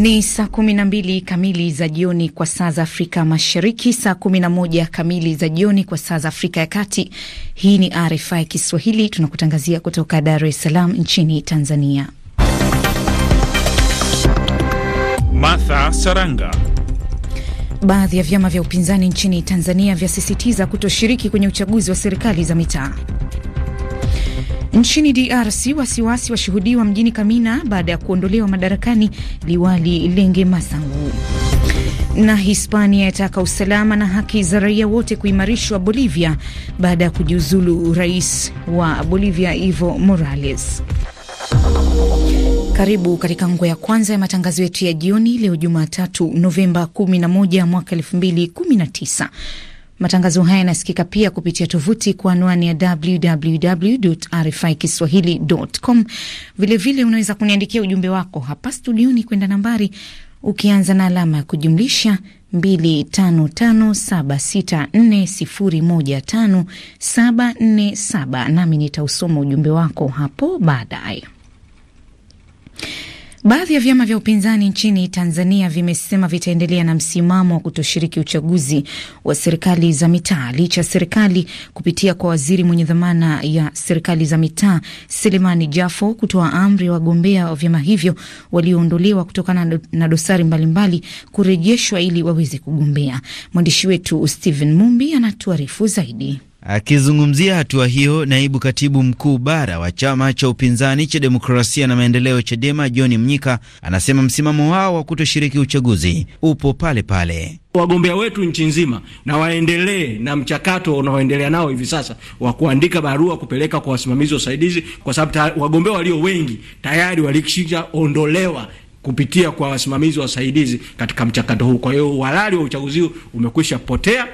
Ni saa kumi na mbili kamili za jioni kwa saa za Afrika Mashariki, saa kumi na moja kamili za jioni kwa saa za Afrika ya Kati. Hii ni RFI Kiswahili, tunakutangazia kutoka Dar es Salaam nchini Tanzania. Martha Saranga. Baadhi ya vyama vya upinzani nchini Tanzania vyasisitiza kutoshiriki kwenye uchaguzi wa serikali za mitaa. Nchini DRC wasiwasi washuhudiwa mjini Kamina baada ya kuondolewa madarakani liwali Lenge Masangu. Na Hispania yataka usalama na haki za raia wote kuimarishwa Bolivia baada ya kujiuzulu rais wa Bolivia Evo Morales. Karibu katika nguo ya kwanza ya matangazo yetu ya jioni leo Jumatatu Novemba 11 mwaka 2019. Matangazo haya yanasikika pia kupitia tovuti kwa anwani ya www.rfikiswahili.com. Vilevile unaweza kuniandikia ujumbe wako hapa studioni kwenda nambari ukianza na alama ya kujumlisha 255764015747, nami nitausoma ujumbe wako hapo baadaye. Baadhi ya vyama vya upinzani nchini Tanzania vimesema vitaendelea na msimamo wa kutoshiriki uchaguzi wa serikali za mitaa licha ya serikali kupitia kwa waziri mwenye dhamana ya serikali za mitaa Selemani Jafo kutoa amri wagombea wa vyama hivyo walioondolewa kutokana na dosari mbalimbali kurejeshwa ili waweze kugombea. Mwandishi wetu stehen Mumbi anatuarifu zaidi. Akizungumzia hatua hiyo, naibu katibu mkuu bara wa chama cha upinzani cha demokrasia na maendeleo Chadema, John Mnyika, anasema msimamo wao wa kutoshiriki uchaguzi upo pale pale. Wagombea wetu nchi nzima na waendelee na mchakato unaoendelea nao hivi sasa wa kuandika barua kupeleka kwa wasimamizi wa usaidizi, kwa sababu wagombea walio wengi tayari walikisha ondolewa kupitia kwa wasimamizi wa wasaidizi katika mchakato huu. Kwa hiyo uhalali wa uchaguzi huu umekwisha potea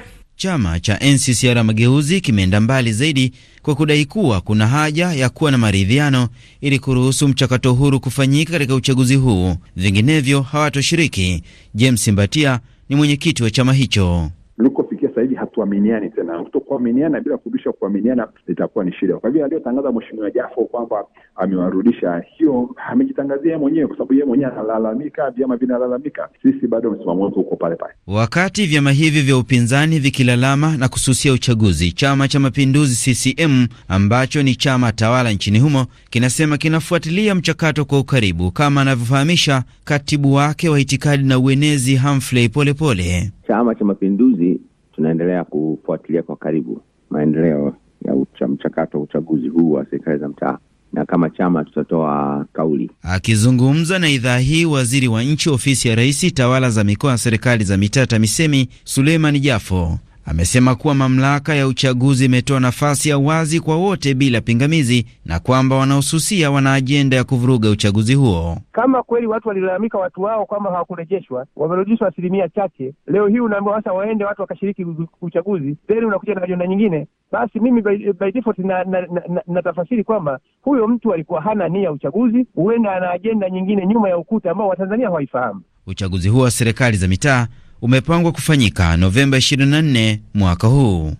Chama cha NCCR Mageuzi kimeenda mbali zaidi kwa kudai kuwa kuna haja ya kuwa na maridhiano ili kuruhusu mchakato huru kufanyika katika uchaguzi huu, vinginevyo hawatoshiriki. James Mbatia ni mwenyekiti wa chama hicho. Tulikofikia hatuaminiani tena, kutokuaminiana bila kurudisha kuaminiana itakuwa ni shida. Kwa hivyo aliyotangaza mweshimiwa Jafo kwamba amewarudisha, hiyo amejitangazia mwenyewe, kwa sababu yeye mwenyewe analalamika, vyama vinalalamika, sisi bado msimamo wetu uko pale pale. Wakati vyama hivi vya upinzani vikilalama na kususia uchaguzi, Chama cha Mapinduzi CCM ambacho ni chama tawala nchini humo kinasema kinafuatilia mchakato kwa ukaribu, kama anavyofahamisha katibu wake wa itikadi na uenezi Humphrey Polepole. Chama cha Mapinduzi tunaendelea kufuatilia kwa karibu maendeleo ya ucha, mchakato wa uchaguzi huu wa serikali za mtaa na kama chama tutatoa kauli. Akizungumza na idhaa hii, waziri wa nchi ofisi ya rais, tawala za mikoa, ya serikali za mitaa, TAMISEMI, Suleiman Jafo amesema kuwa mamlaka ya uchaguzi imetoa nafasi ya wazi kwa wote bila pingamizi na kwamba wanaosusia wana ajenda ya kuvuruga uchaguzi huo. Kama kweli watu walilalamika watu wao kwamba hawakurejeshwa, wamerejeshwa asilimia chache, leo hii unaambiwa sasa waende watu wakashiriki uchaguzi, then unakuja na ajenda nyingine. Basi mimi by, by default na, na, na, na, natafasiri kwamba huyo mtu alikuwa hana nia ya uchaguzi, huenda ana ajenda nyingine nyuma ya ukuta ambao Watanzania hawaifahamu. Uchaguzi huo wa serikali za mitaa umepangwa kufanyika Novemba 24 mwaka huu.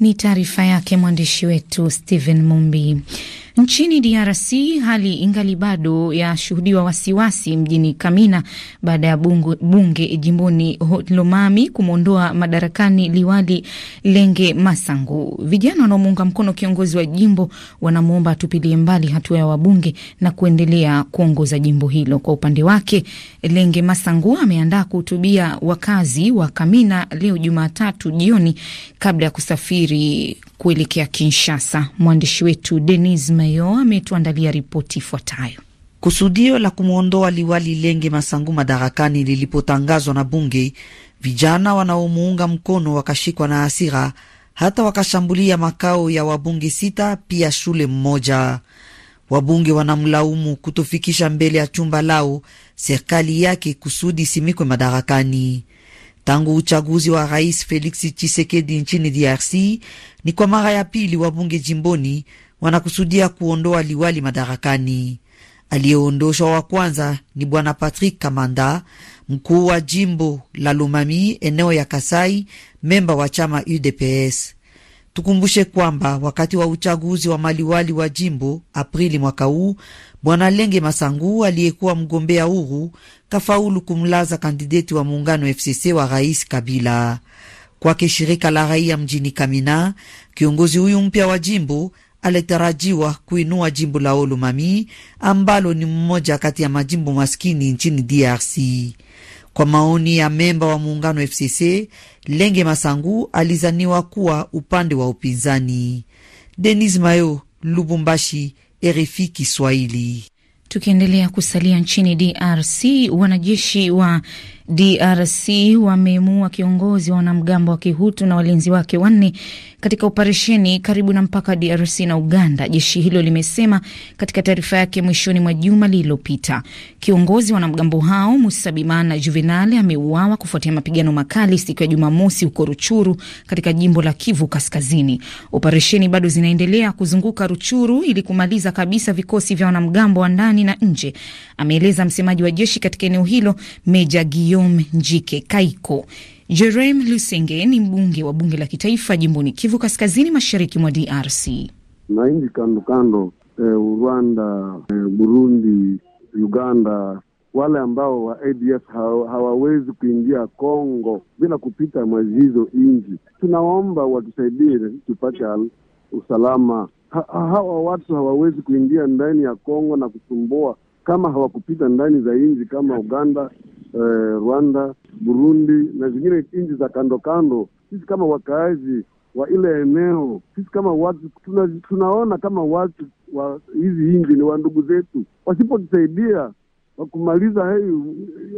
Ni taarifa yake mwandishi wetu Stephen Mumbi. Nchini DRC hali ingali bado yashuhudiwa wasiwasi mjini Kamina baada ya bunge, bunge jimboni Lomami kumwondoa madarakani liwali Lenge Masangu. Vijana wanaomuunga mkono kiongozi wa jimbo wanamwomba atupilie mbali hatua ya wabunge na kuendelea kuongoza jimbo hilo. Kwa upande wake, Lenge Masangu ameandaa kuhutubia wakazi wa Kamina leo Jumatatu jioni kabla ya kusafiri kuelekea Kinshasa. Mwandishi wetu Denis Mayo ametuandalia ripoti ifuatayo. Kusudio la kumwondoa liwali Lenge Masangu madarakani lilipotangazwa na bunge, vijana wanaomuunga mkono wakashikwa na hasira, hata wakashambulia makao ya wabunge sita, pia shule mmoja. Wabunge wanamlaumu kutofikisha mbele ya chumba lao serikali yake kusudi isimikwe madarakani. Tangu uchaguzi wa rais Felix Tshisekedi nchini DRC, ni kwa mara ya pili wabunge jimboni wanakusudia kuondoa liwali madarakani. Aliyeondoshwa wa kwanza ni bwana Patrick Kamanda, mkuu wa jimbo la Lomami, eneo ya Kasai, memba wa chama UDPS. Tukumbushe kwamba wakati wa uchaguzi wa maliwali wa jimbo Aprili mwaka huu, bwana Lenge Masangu aliyekuwa mgombea huru kafaulu kumlaza kandideti wa muungano FCC wa rais Kabila. Kwake shirika la raia mjini Kamina, kiongozi huyu mpya wa jimbo alitarajiwa kuinua jimbo la Olumami ambalo ni mmoja kati ya majimbo maskini nchini DRC. Kwa maoni ya memba wa muungano FCC, Lenge Masangu alizaniwa kuwa upande wa upinzani. Denis Mayo, Lubumbashi, RFI Kiswahili. Tukiendelea kusalia nchini DRC, wanajeshi wa DRC wamemuua kiongozi wa wanamgambo wa Kihutu na walinzi wake wanne katika operesheni karibu na mpaka wa DRC na Uganda, jeshi hilo limesema katika taarifa yake mwishoni mwa juma lililopita. Kiongozi wa wanamgambo hao Musabimana Juvenale ameuawa kufuatia mapigano makali siku ya Jumamosi huko Ruchuru katika jimbo la Kivu Kaskazini. Operesheni bado zinaendelea kuzunguka Ruchuru ili kumaliza kabisa vikosi vya wanamgambo wa ndani na nje, ameeleza msemaji wa jeshi katika eneo hilo Meja Gio Guillaume Njike Kaiko. Jerem Lusenge ni mbunge wa bunge la kitaifa jimboni Kivu Kaskazini, mashariki mwa DRC na nchi kando kando, eh, Rwanda, eh, Burundi, Uganda wale ambao wa ADF hawawezi kuingia Kongo bila kupita mwezi hizo nchi, watusaidie tupate usalama. Ha, hawa watu hawawezi kuingia ndani ya Kongo na kusumbua kama hawakupita ndani za nchi kama Uganda, eh, Rwanda, Burundi na zingine nchi za kando kando. Sisi kama wakaazi wa ile eneo, sisi kama watu tuna, tunaona kama watu wa hizi nchi ni wa ndugu zetu, wasipotusaidia wakumaliza hey,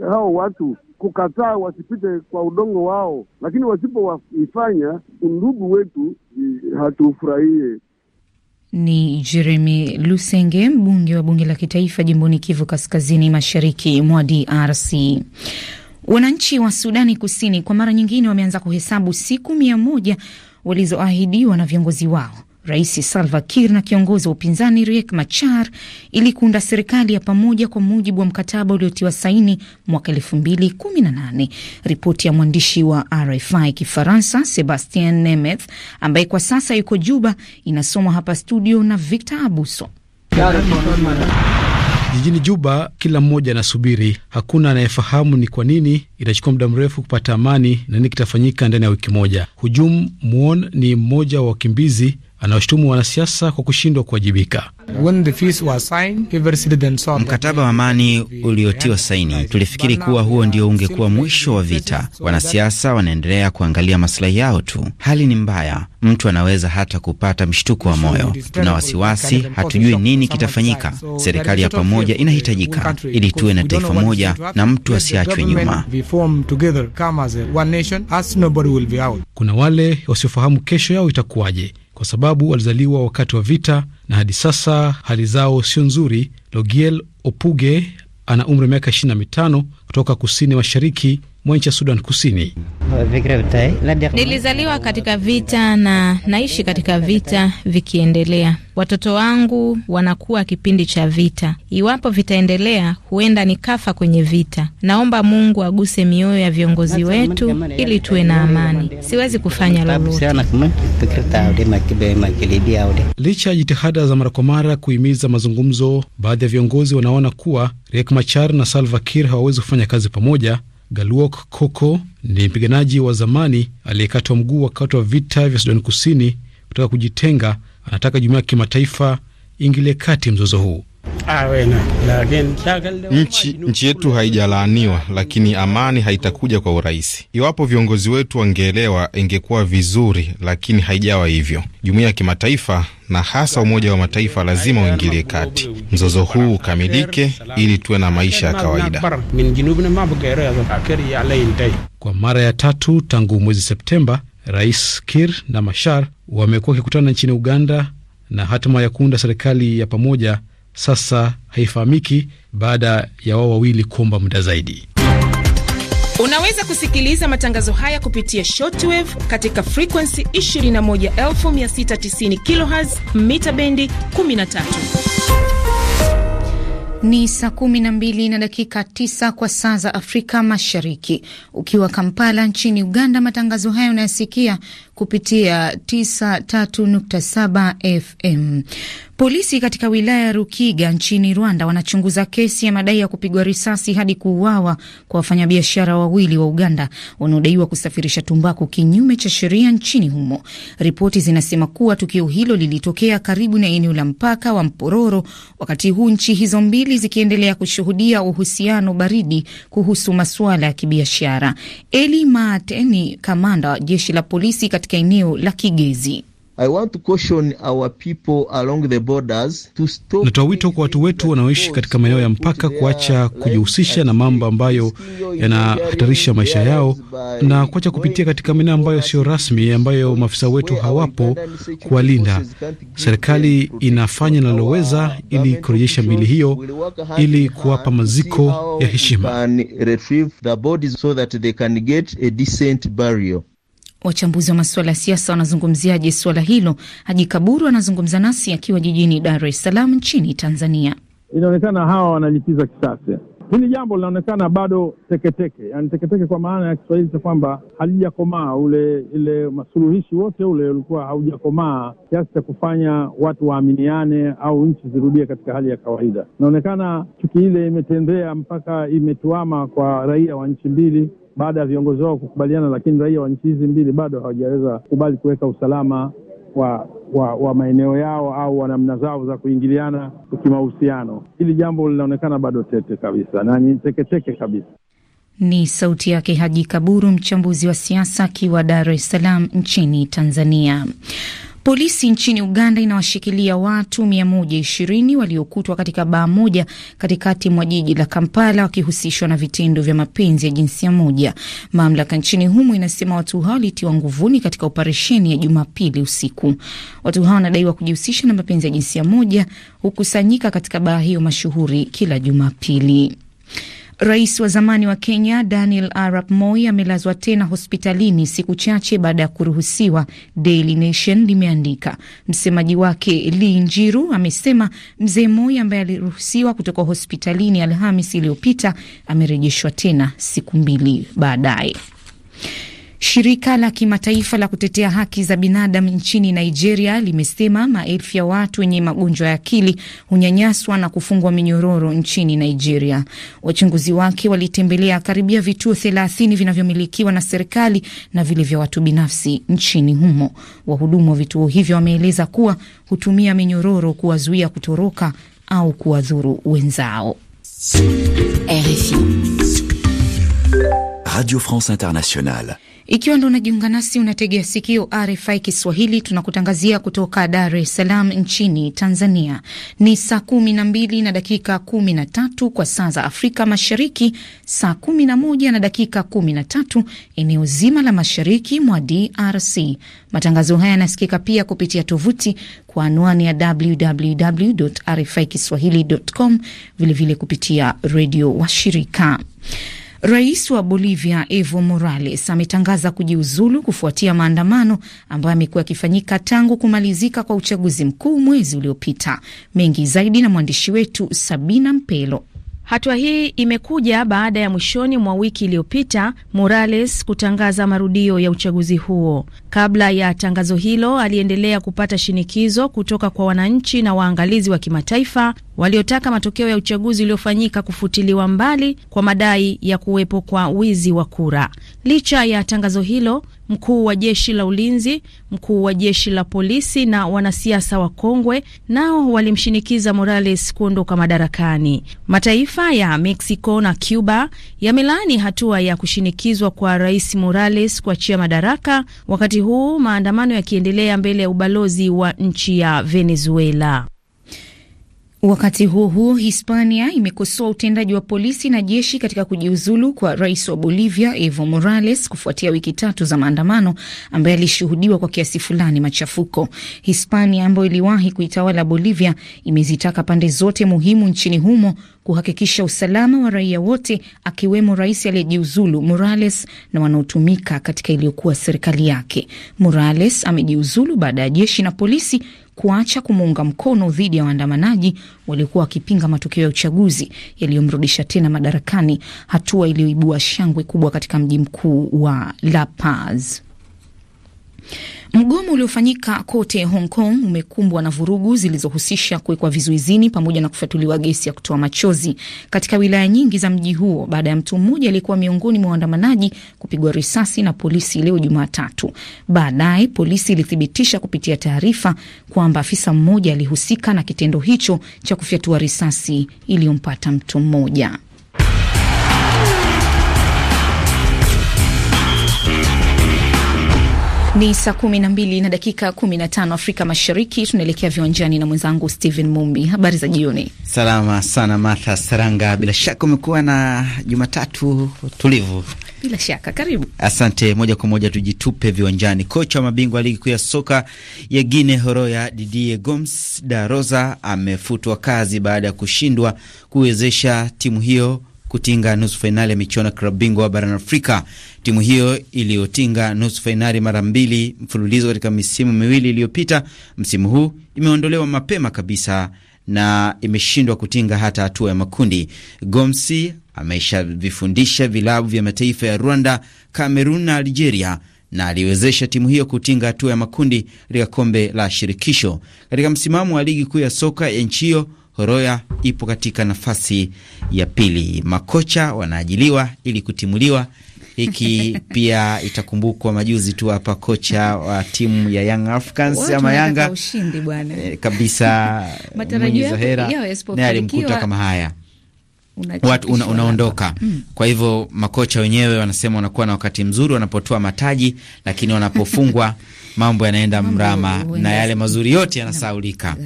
hao watu kukataa wasipite kwa udongo wao, lakini wasipowaifanya undugu wetu hatufurahie. Ni Jeremi Lusenge, mbunge wa bunge la kitaifa jimboni Kivu Kaskazini, mashariki mwa DRC. Wananchi wa Sudani Kusini kwa mara nyingine wameanza kuhesabu siku mia moja walizoahidiwa na viongozi wao Rais Salva Kiir na kiongozi wa upinzani Riek Machar ili kuunda serikali ya pamoja kwa mujibu wa mkataba uliotiwa saini mwaka 2018. Ripoti ya mwandishi wa RFI Kifaransa Sebastien Nemeth ambaye kwa sasa yuko Juba inasomwa hapa studio na Victor Abuso. Jijini Juba kila mmoja anasubiri, hakuna anayefahamu ni kwa nini itachukua muda mrefu kupata amani na nini kitafanyika ndani ya wiki moja. Hujum Muon ni mmoja wa wakimbizi anawashutumu wanasiasa kwa kushindwa kuwajibika. Mkataba wa amani uliotiwa saini, tulifikiri kuwa huo ndio ungekuwa mwisho wa vita. Wanasiasa wanaendelea kuangalia masilahi yao tu. Hali ni mbaya, mtu anaweza hata kupata mshtuko wa moyo. Tuna wasiwasi, hatujui nini kitafanyika. Serikali ya pamoja inahitajika ili tuwe na taifa moja na mtu asiachwe nyuma. Kuna wale wasiofahamu kesho yao itakuwaje kwa sababu walizaliwa wakati wa vita na hadi sasa hali zao sio nzuri. Logiel Opuge ana umri wa miaka 25 kutoka kusini mashariki mwa nchi ya Sudan Kusini. Nilizaliwa katika vita na naishi katika vita vikiendelea. Watoto wangu wanakuwa kipindi cha vita. Iwapo vitaendelea, huenda ni kafa kwenye vita. Naomba Mungu aguse mioyo ya viongozi wetu ili tuwe na amani. Siwezi kufanya lolote. Licha ya jitihada za mara kwa mara kuhimiza mazungumzo, baadhi ya viongozi wanaona kuwa Riek Machar na Salva Kiir hawawezi kufanya kazi pamoja Galuok Koko ni mpiganaji wa zamani aliyekatwa mguu wakati wa vita vya Sudani Kusini kutaka kujitenga. Anataka jumuiya ya kimataifa ingilie kati mzozo huu. Nchi, nchi yetu haijalaaniwa, lakini amani haitakuja kwa urahisi. Iwapo viongozi wetu wangeelewa, ingekuwa vizuri, lakini haijawa hivyo. Jumuiya ya kimataifa na hasa Umoja wa Mataifa lazima uingilie kati, mzozo huu ukamilike ili tuwe na maisha ya kawaida. Kwa mara ya tatu tangu mwezi Septemba, Rais Kir na Mashar wamekuwa wakikutana nchini Uganda na hatima ya kuunda serikali ya pamoja sasa haifahamiki baada ya wao wawili kuomba muda zaidi. Unaweza kusikiliza matangazo haya kupitia shortwave katika frekuensi 21690 kHz mita bendi 13. Ni saa kumi na mbili na dakika tisa kwa saa za Afrika Mashariki. Ukiwa Kampala nchini Uganda, matangazo hayo unayasikia kupitia 93.7 FM. Polisi katika wilaya ya Rukiga nchini Rwanda wanachunguza kesi ya madai ya kupigwa risasi hadi kuuawa kwa wafanyabiashara wawili wa Uganda wanaodaiwa kusafirisha tumbaku kinyume cha sheria nchini humo. Ripoti zinasema kuwa tukio hilo lilitokea karibu na eneo la mpaka wa Mpororo, wakati huu nchi hizo mbili zikiendelea kushuhudia uhusiano baridi kuhusu masuala ya kibiashara. Eli Maate ni kamanda wa jeshi la polisi katika eneo la Kigezi. Natoa wito kwa watu wetu wanaoishi katika maeneo ya mpaka kuacha kujihusisha na mambo ambayo yanahatarisha maisha yao na kuacha kupitia katika maeneo ambayo sio rasmi, ambayo maafisa wetu hawapo kuwalinda. Serikali inafanya inaloweza ili kurejesha miili hiyo ili kuwapa maziko ya heshima. Wachambuzi wa masuala ya siasa wanazungumziaje suala hilo? Haji Kaburu anazungumza nasi akiwa jijini Dar es Salaam nchini Tanzania. Inaonekana hawa wanalipiza kisasi Hili jambo linaonekana bado teketeke, yani teketeke kwa maana ya Kiswahili cha kwamba halijakomaa ule ile masuluhishi wote ule ulikuwa haujakomaa kiasi cha kufanya watu waaminiane au nchi zirudie katika hali ya kawaida. Inaonekana chuki ile imetembea mpaka imetuama kwa raia wa nchi mbili baada ya viongozi wao kukubaliana, lakini raia wa nchi hizi mbili bado hawajaweza kukubali kuweka usalama wa, wa, wa maeneo yao au wa namna zao za kuingiliana kimahusiano. Hili jambo linaonekana bado tete kabisa na ni teketeke kabisa. Ni sauti yake Haji Kaburu, mchambuzi wa siasa akiwa Dar es Salaam nchini Tanzania. Polisi nchini Uganda inawashikilia watu 120 waliokutwa katika baa moja katikati mwa jiji la Kampala wakihusishwa na vitendo vya mapenzi ya jinsia moja. Mamlaka nchini humo inasema watu hao walitiwa nguvuni katika operesheni ya Jumapili usiku. Watu hao wanadaiwa kujihusisha na mapenzi ya jinsia moja, hukusanyika katika baa hiyo mashuhuri kila Jumapili. Rais wa zamani wa Kenya Daniel Arap Moi amelazwa tena hospitalini siku chache baada ya kuruhusiwa, Daily Nation limeandika. Msemaji wake Lee Njiru amesema mzee Moi ambaye aliruhusiwa kutoka hospitalini Alhamis iliyopita amerejeshwa tena siku mbili baadaye. Shirika la kimataifa la kutetea haki za binadamu nchini Nigeria limesema maelfu ya watu wenye magonjwa ya akili hunyanyaswa na kufungwa minyororo nchini Nigeria. Wachunguzi wake walitembelea karibia vituo thelathini vinavyomilikiwa na serikali na vile vya watu binafsi nchini humo. Wahudumu wa vituo hivyo wameeleza kuwa hutumia minyororo kuwazuia kutoroka au kuwadhuru wenzao. RFI Radio France Internationale ikiwa ndo unajiunga nasi, unategea sikio RFI Kiswahili, tunakutangazia kutoka Dar es Salaam nchini Tanzania. Ni saa kumi na mbili na dakika kumi na tatu kwa saa za Afrika Mashariki, saa kumi na moja na dakika kumi na tatu eneo zima la mashariki mwa DRC. Matangazo haya yanasikika pia kupitia tovuti kwa anwani ya www RFI kiswahili com, vilevile kupitia redio washirika. Rais wa Bolivia Evo Morales ametangaza kujiuzulu kufuatia maandamano ambayo amekuwa yakifanyika tangu kumalizika kwa uchaguzi mkuu mwezi uliopita. Mengi zaidi na mwandishi wetu Sabina Mpelo. Hatua hii imekuja baada ya mwishoni mwa wiki iliyopita Morales kutangaza marudio ya uchaguzi huo. Kabla ya tangazo hilo, aliendelea kupata shinikizo kutoka kwa wananchi na waangalizi wa kimataifa waliotaka matokeo ya uchaguzi uliofanyika kufutiliwa mbali kwa madai ya kuwepo kwa wizi wa kura. Licha ya tangazo hilo, mkuu wa jeshi la ulinzi, mkuu wa jeshi la polisi na wanasiasa wa kongwe nao walimshinikiza Morales kuondoka madarakani. Mataifa ya Mexico na Cuba yamelaani hatua ya kushinikizwa kwa rais Morales kuachia madaraka, wakati huu maandamano yakiendelea mbele ya ubalozi wa nchi ya Venezuela. Wakati huo huo, Hispania imekosoa utendaji wa polisi na jeshi katika kujiuzulu kwa rais wa Bolivia Evo Morales kufuatia wiki tatu za maandamano ambaye alishuhudiwa kwa kiasi fulani machafuko. Hispania ambayo iliwahi kuitawala Bolivia imezitaka pande zote muhimu nchini humo kuhakikisha usalama wa raia wote akiwemo rais aliyejiuzulu Morales na wanaotumika katika iliyokuwa serikali yake. Morales amejiuzulu baada ya jeshi na polisi kuacha kumuunga mkono dhidi ya waandamanaji waliokuwa wakipinga matokeo ya uchaguzi yaliyomrudisha tena madarakani, hatua iliyoibua shangwe kubwa katika mji mkuu wa La Paz. Mgomo uliofanyika kote Hong Kong umekumbwa na vurugu zilizohusisha kuwekwa vizuizini pamoja na kufyatuliwa gesi ya kutoa machozi katika wilaya nyingi za mji huo baada ya mtu mmoja aliyekuwa miongoni mwa waandamanaji kupigwa risasi na polisi leo Jumatatu. Baadaye polisi ilithibitisha kupitia taarifa kwamba afisa mmoja alihusika na kitendo hicho cha kufyatua risasi iliyompata mtu mmoja. Ni saa kumi na mbili na dakika kumi na tano Afrika Mashariki. Tunaelekea viwanjani na mwenzangu Steven Mumbi. Habari za jioni. Salama sana Martha Saranga, bila shaka umekuwa na Jumatatu tulivu. Bila shaka, karibu. Asante. Moja kwa moja tujitupe viwanjani. Kocha wa mabingwa ligi kuu ya soka ya Guine Horoya, Didie Gomes da Rosa amefutwa kazi baada ya kushindwa kuwezesha timu hiyo kutinga nusu fainali ya michuano ya klabu bingwa barani Afrika. Timu hiyo iliyotinga nusu fainali mara mbili mfululizo katika misimu miwili iliyopita, msimu huu imeondolewa mapema kabisa na imeshindwa kutinga hata hatua ya makundi. Gomsi ameshavifundisha vilabu vya mataifa ya Rwanda, Kamerun na Algeria na aliwezesha timu hiyo kutinga hatua ya makundi katika kombe la shirikisho. Katika msimamo wa ligi kuu ya soka ya nchi hiyo Horoya ipo katika nafasi ya pili. Makocha wanaajiliwa ili kutimuliwa. Hiki pia itakumbukwa majuzi tu hapa, kocha wa timu ya Young Africans ama Yanga ushindi bwana eh, kabisa Munyizo Hera naye alimkuta kama haya watu una, unaondoka mm. Kwa hivyo makocha wenyewe wanasema wanakuwa na wakati mzuri wanapotoa mataji, lakini wanapofungwa mambo yanaenda mrama na yale mazuri yote yanasaulika.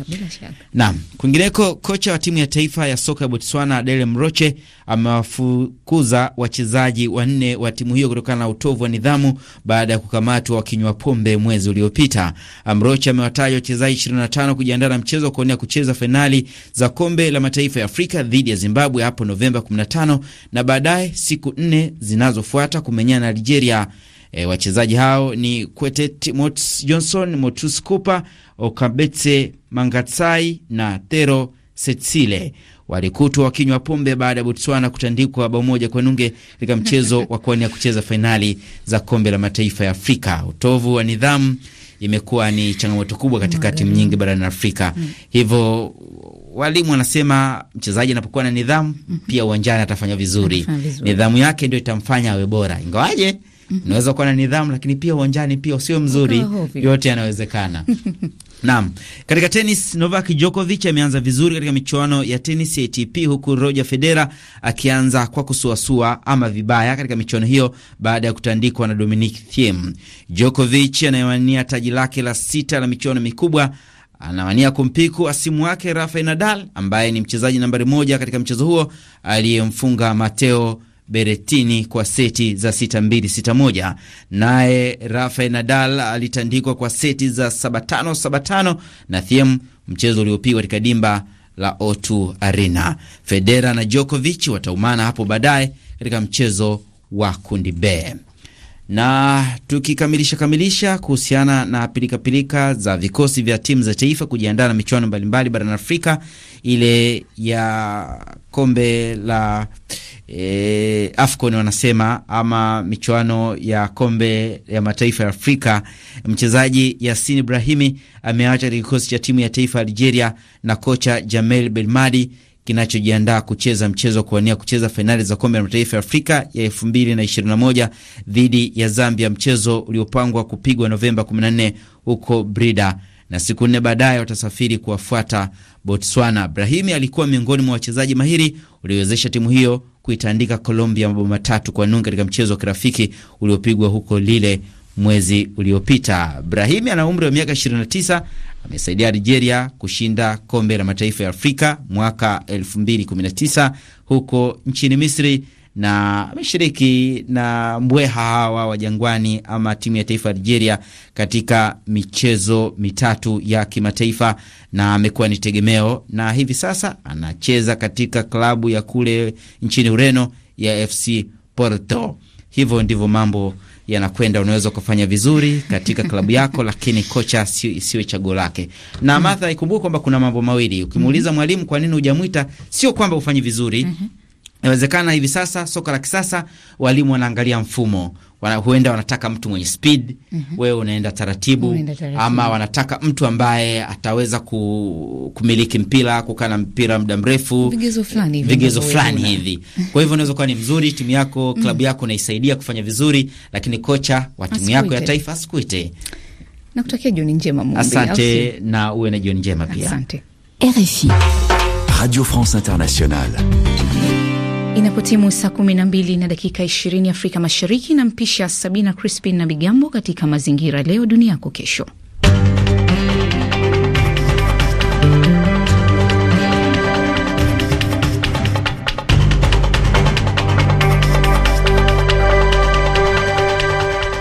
Naam, kwingineko, kocha wa timu ya taifa ya soka ya Botswana Adele Mroche amewafukuza wachezaji wanne wa timu hiyo kutokana na utovu wa nidhamu baada ya kukamatwa wakinywa pombe mwezi uliopita. Mroche amewataja wachezaji 25 kujiandaa na mchezo wa kuonea kucheza fainali za kombe la mataifa ya Afrika dhidi ya Zimbabwe hapo Novemba 15 na baadaye siku nne zinazofuata kumenyana na Algeria E, wachezaji hao ni Kwetet Mots, Johnson, Motus Cooper, Okabetse Mangatsai na Thero Setsile walikutwa wakinywa pombe baada ya Botswana kutandikwa bao moja kwa nunge katika mchezo wa kuania kucheza fainali za kombe la mataifa ya Afrika. Utovu wa nidhamu imekuwa ni changamoto kubwa katika timu nyingi barani Afrika, mm. hivyo walimu wanasema mchezaji anapokuwa na nidhamu, mm-hmm. pia uwanjani atafanya vizuri. Nidhamu yake ndio itamfanya awe bora, ingawaje -hmm. Unaweza kuwa na nidhamu, lakini pia uwanjani pia usio mzuri, yote yanawezekana. Naam, katika tenis Novak Djokovic ameanza vizuri katika michuano ya tenis ya ATP huku Roger Federer akianza kwa kusuasua ama vibaya katika michuano hiyo baada ya kutandikwa na Dominic Thiem. Djokovic anayewania taji lake la sita la michuano mikubwa anawania kumpiku asimu wake Rafael Nadal ambaye ni mchezaji nambari moja katika mchezo huo aliyemfunga Mateo Beretini kwa seti za 6-2 6-1. Naye Rafael Nadal alitandikwa kwa seti za 7-5 7-5 na Thiem, mchezo uliopigwa katika dimba la O2 Arena. Federa na Djokovic wataumana hapo baadaye katika mchezo wa kundi B. Na tukikamilisha kamilisha kuhusiana na pilikapilika -pilika za vikosi vya timu za taifa kujiandaa na michuano mbalimbali barani Afrika ile ya kombe la e, AFCON wanasema ama michuano ya kombe ya mataifa ya Afrika, mchezaji Yasin Ibrahimi ameacha kikosi cha timu ya taifa ya Algeria na kocha Jamel Belmadi kinachojiandaa kucheza mchezo wa kuwania kucheza fainali za kombe la mataifa ya Afrika ya moja dhidi ya Zambia, mchezo uliopangwa kupigwa Novemba 14 huko Brida na siku nne baadaye watasafiri kuwafuata Botswana. Brahimi alikuwa miongoni mwa wachezaji mahiri waliowezesha timu hiyo kuitandika Colombia mabao matatu kwa nunge katika mchezo wa kirafiki uliopigwa huko Lille mwezi uliopita. Brahimi ana umri wa miaka 29, amesaidia Algeria kushinda kombe la mataifa ya Afrika mwaka 2019 huko nchini Misri na ameshiriki na mbweha hawa wa Jangwani ama timu ya taifa ya Nigeria katika michezo mitatu ya kimataifa, na amekuwa ni tegemeo, na hivi sasa anacheza katika klabu ya kule nchini Ureno ya FC Porto. Hivyo ndivyo mambo yanakwenda. Unaweza ukafanya vizuri katika klabu yako, lakini kocha siwe chaguo lake. Na Martha, ikumbuke kwamba kuna mambo mawili. Ukimuuliza mwalimu kwa nini hujamwita, sio kwamba ufanyi vizuri mhm. Inawezekana hivi sasa soka la kisasa walimu wanaangalia mfumo wana, huenda wanataka mtu mwenye speed mm -hmm. Wewe unaenda taratibu, taratibu, ama wanataka mtu ambaye ataweza ku, kumiliki mpira kukaa na mpira muda mrefu, vigezo fulani vigezo fulani hivi. Kwa hivyo unaweza kuwa ni mzuri, timu yako mm. klabu yako unaisaidia kufanya vizuri, lakini kocha wa timu yako ya taifa asikuite. Nakutakia jioni njema Mumbi. Asante Ausi. na uwe na jioni njema pia. Asante. RFI Radio France Internationale. Inapotimu saa 12 na dakika 20 Afrika Mashariki, na mpisha Sabina Crispin na Bigambo katika mazingira leo dunia yako kesho.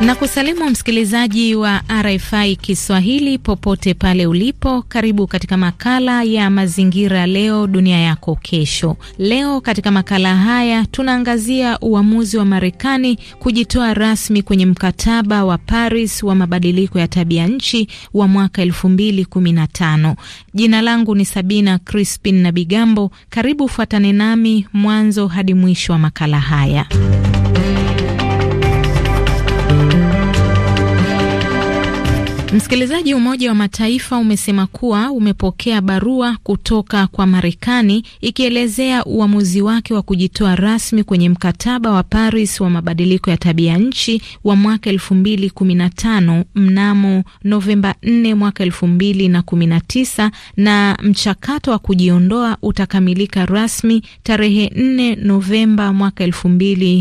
Na kusalimu msikilizaji wa RFI Kiswahili popote pale ulipo, karibu katika makala ya mazingira leo dunia yako kesho. Leo katika makala haya tunaangazia uamuzi wa Marekani kujitoa rasmi kwenye mkataba wa Paris wa mabadiliko ya tabia nchi wa mwaka 2015. Jina langu ni Sabina Crispin na Bigambo. Karibu fuatane nami mwanzo hadi mwisho wa makala haya. Msikilizaji, Umoja wa Mataifa umesema kuwa umepokea barua kutoka kwa Marekani ikielezea uamuzi wake wa kujitoa rasmi kwenye mkataba wa Paris wa mabadiliko ya tabia nchi wa mwaka elfu mnamo Novemba 4 mwaka elfu na na mchakato wa kujiondoa utakamilika rasmi tarehe 4 Novemba mwaka elfu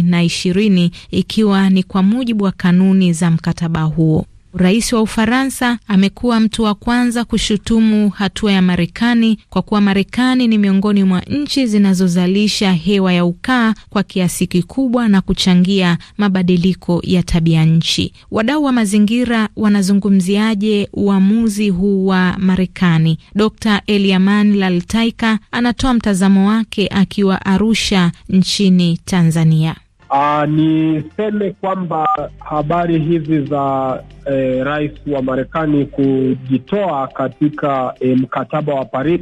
na ishirini ikiwa ni kwa mujibu wa kanuni za mkataba huo. Rais wa Ufaransa amekuwa mtu wa kwanza kushutumu hatua ya Marekani kwa kuwa Marekani ni miongoni mwa nchi zinazozalisha hewa ya ukaa kwa kiasi kikubwa na kuchangia mabadiliko ya tabia nchi. Wadau wa mazingira wanazungumziaje uamuzi huu wa Marekani? Dr Eliaman Laltaika anatoa mtazamo wake akiwa Arusha nchini Tanzania. Uh, ah, niseme kwamba habari hizi za eh, rais wa Marekani kujitoa katika eh, mkataba wa Paris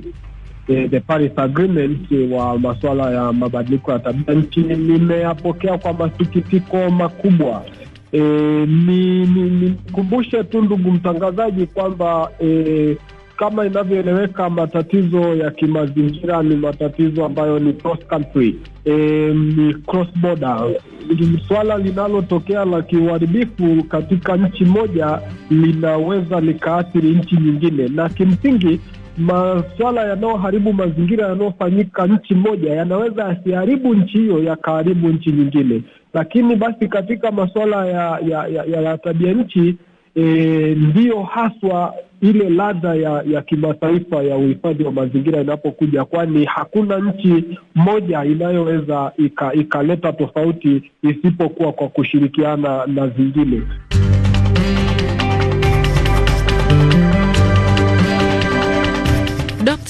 eh, the Paris Agreement wa masuala ya mabadiliko ya tabia nchi nimeyapokea kwa masikitiko makubwa. Eh, nikumbushe ni, ni, tu ndugu mtangazaji kwamba eh, kama inavyoeleweka, matatizo ya kimazingira ni matatizo ambayo ni cross country, e, ni cross border. Swala linalotokea la kiuharibifu katika nchi moja linaweza likaathiri nchi nyingine, na kimsingi maswala yanayoharibu mazingira yanayofanyika nchi moja yanaweza yasiharibu nchi hiyo, yakaharibu nchi nyingine. Lakini basi katika maswala ya, ya, ya, ya tabia nchi E, ndiyo haswa ile ladha ya ya kimataifa ya uhifadhi wa mazingira inapokuja, kwani hakuna nchi moja inayoweza ikaleta ika tofauti isipokuwa kwa kushirikiana na zingine.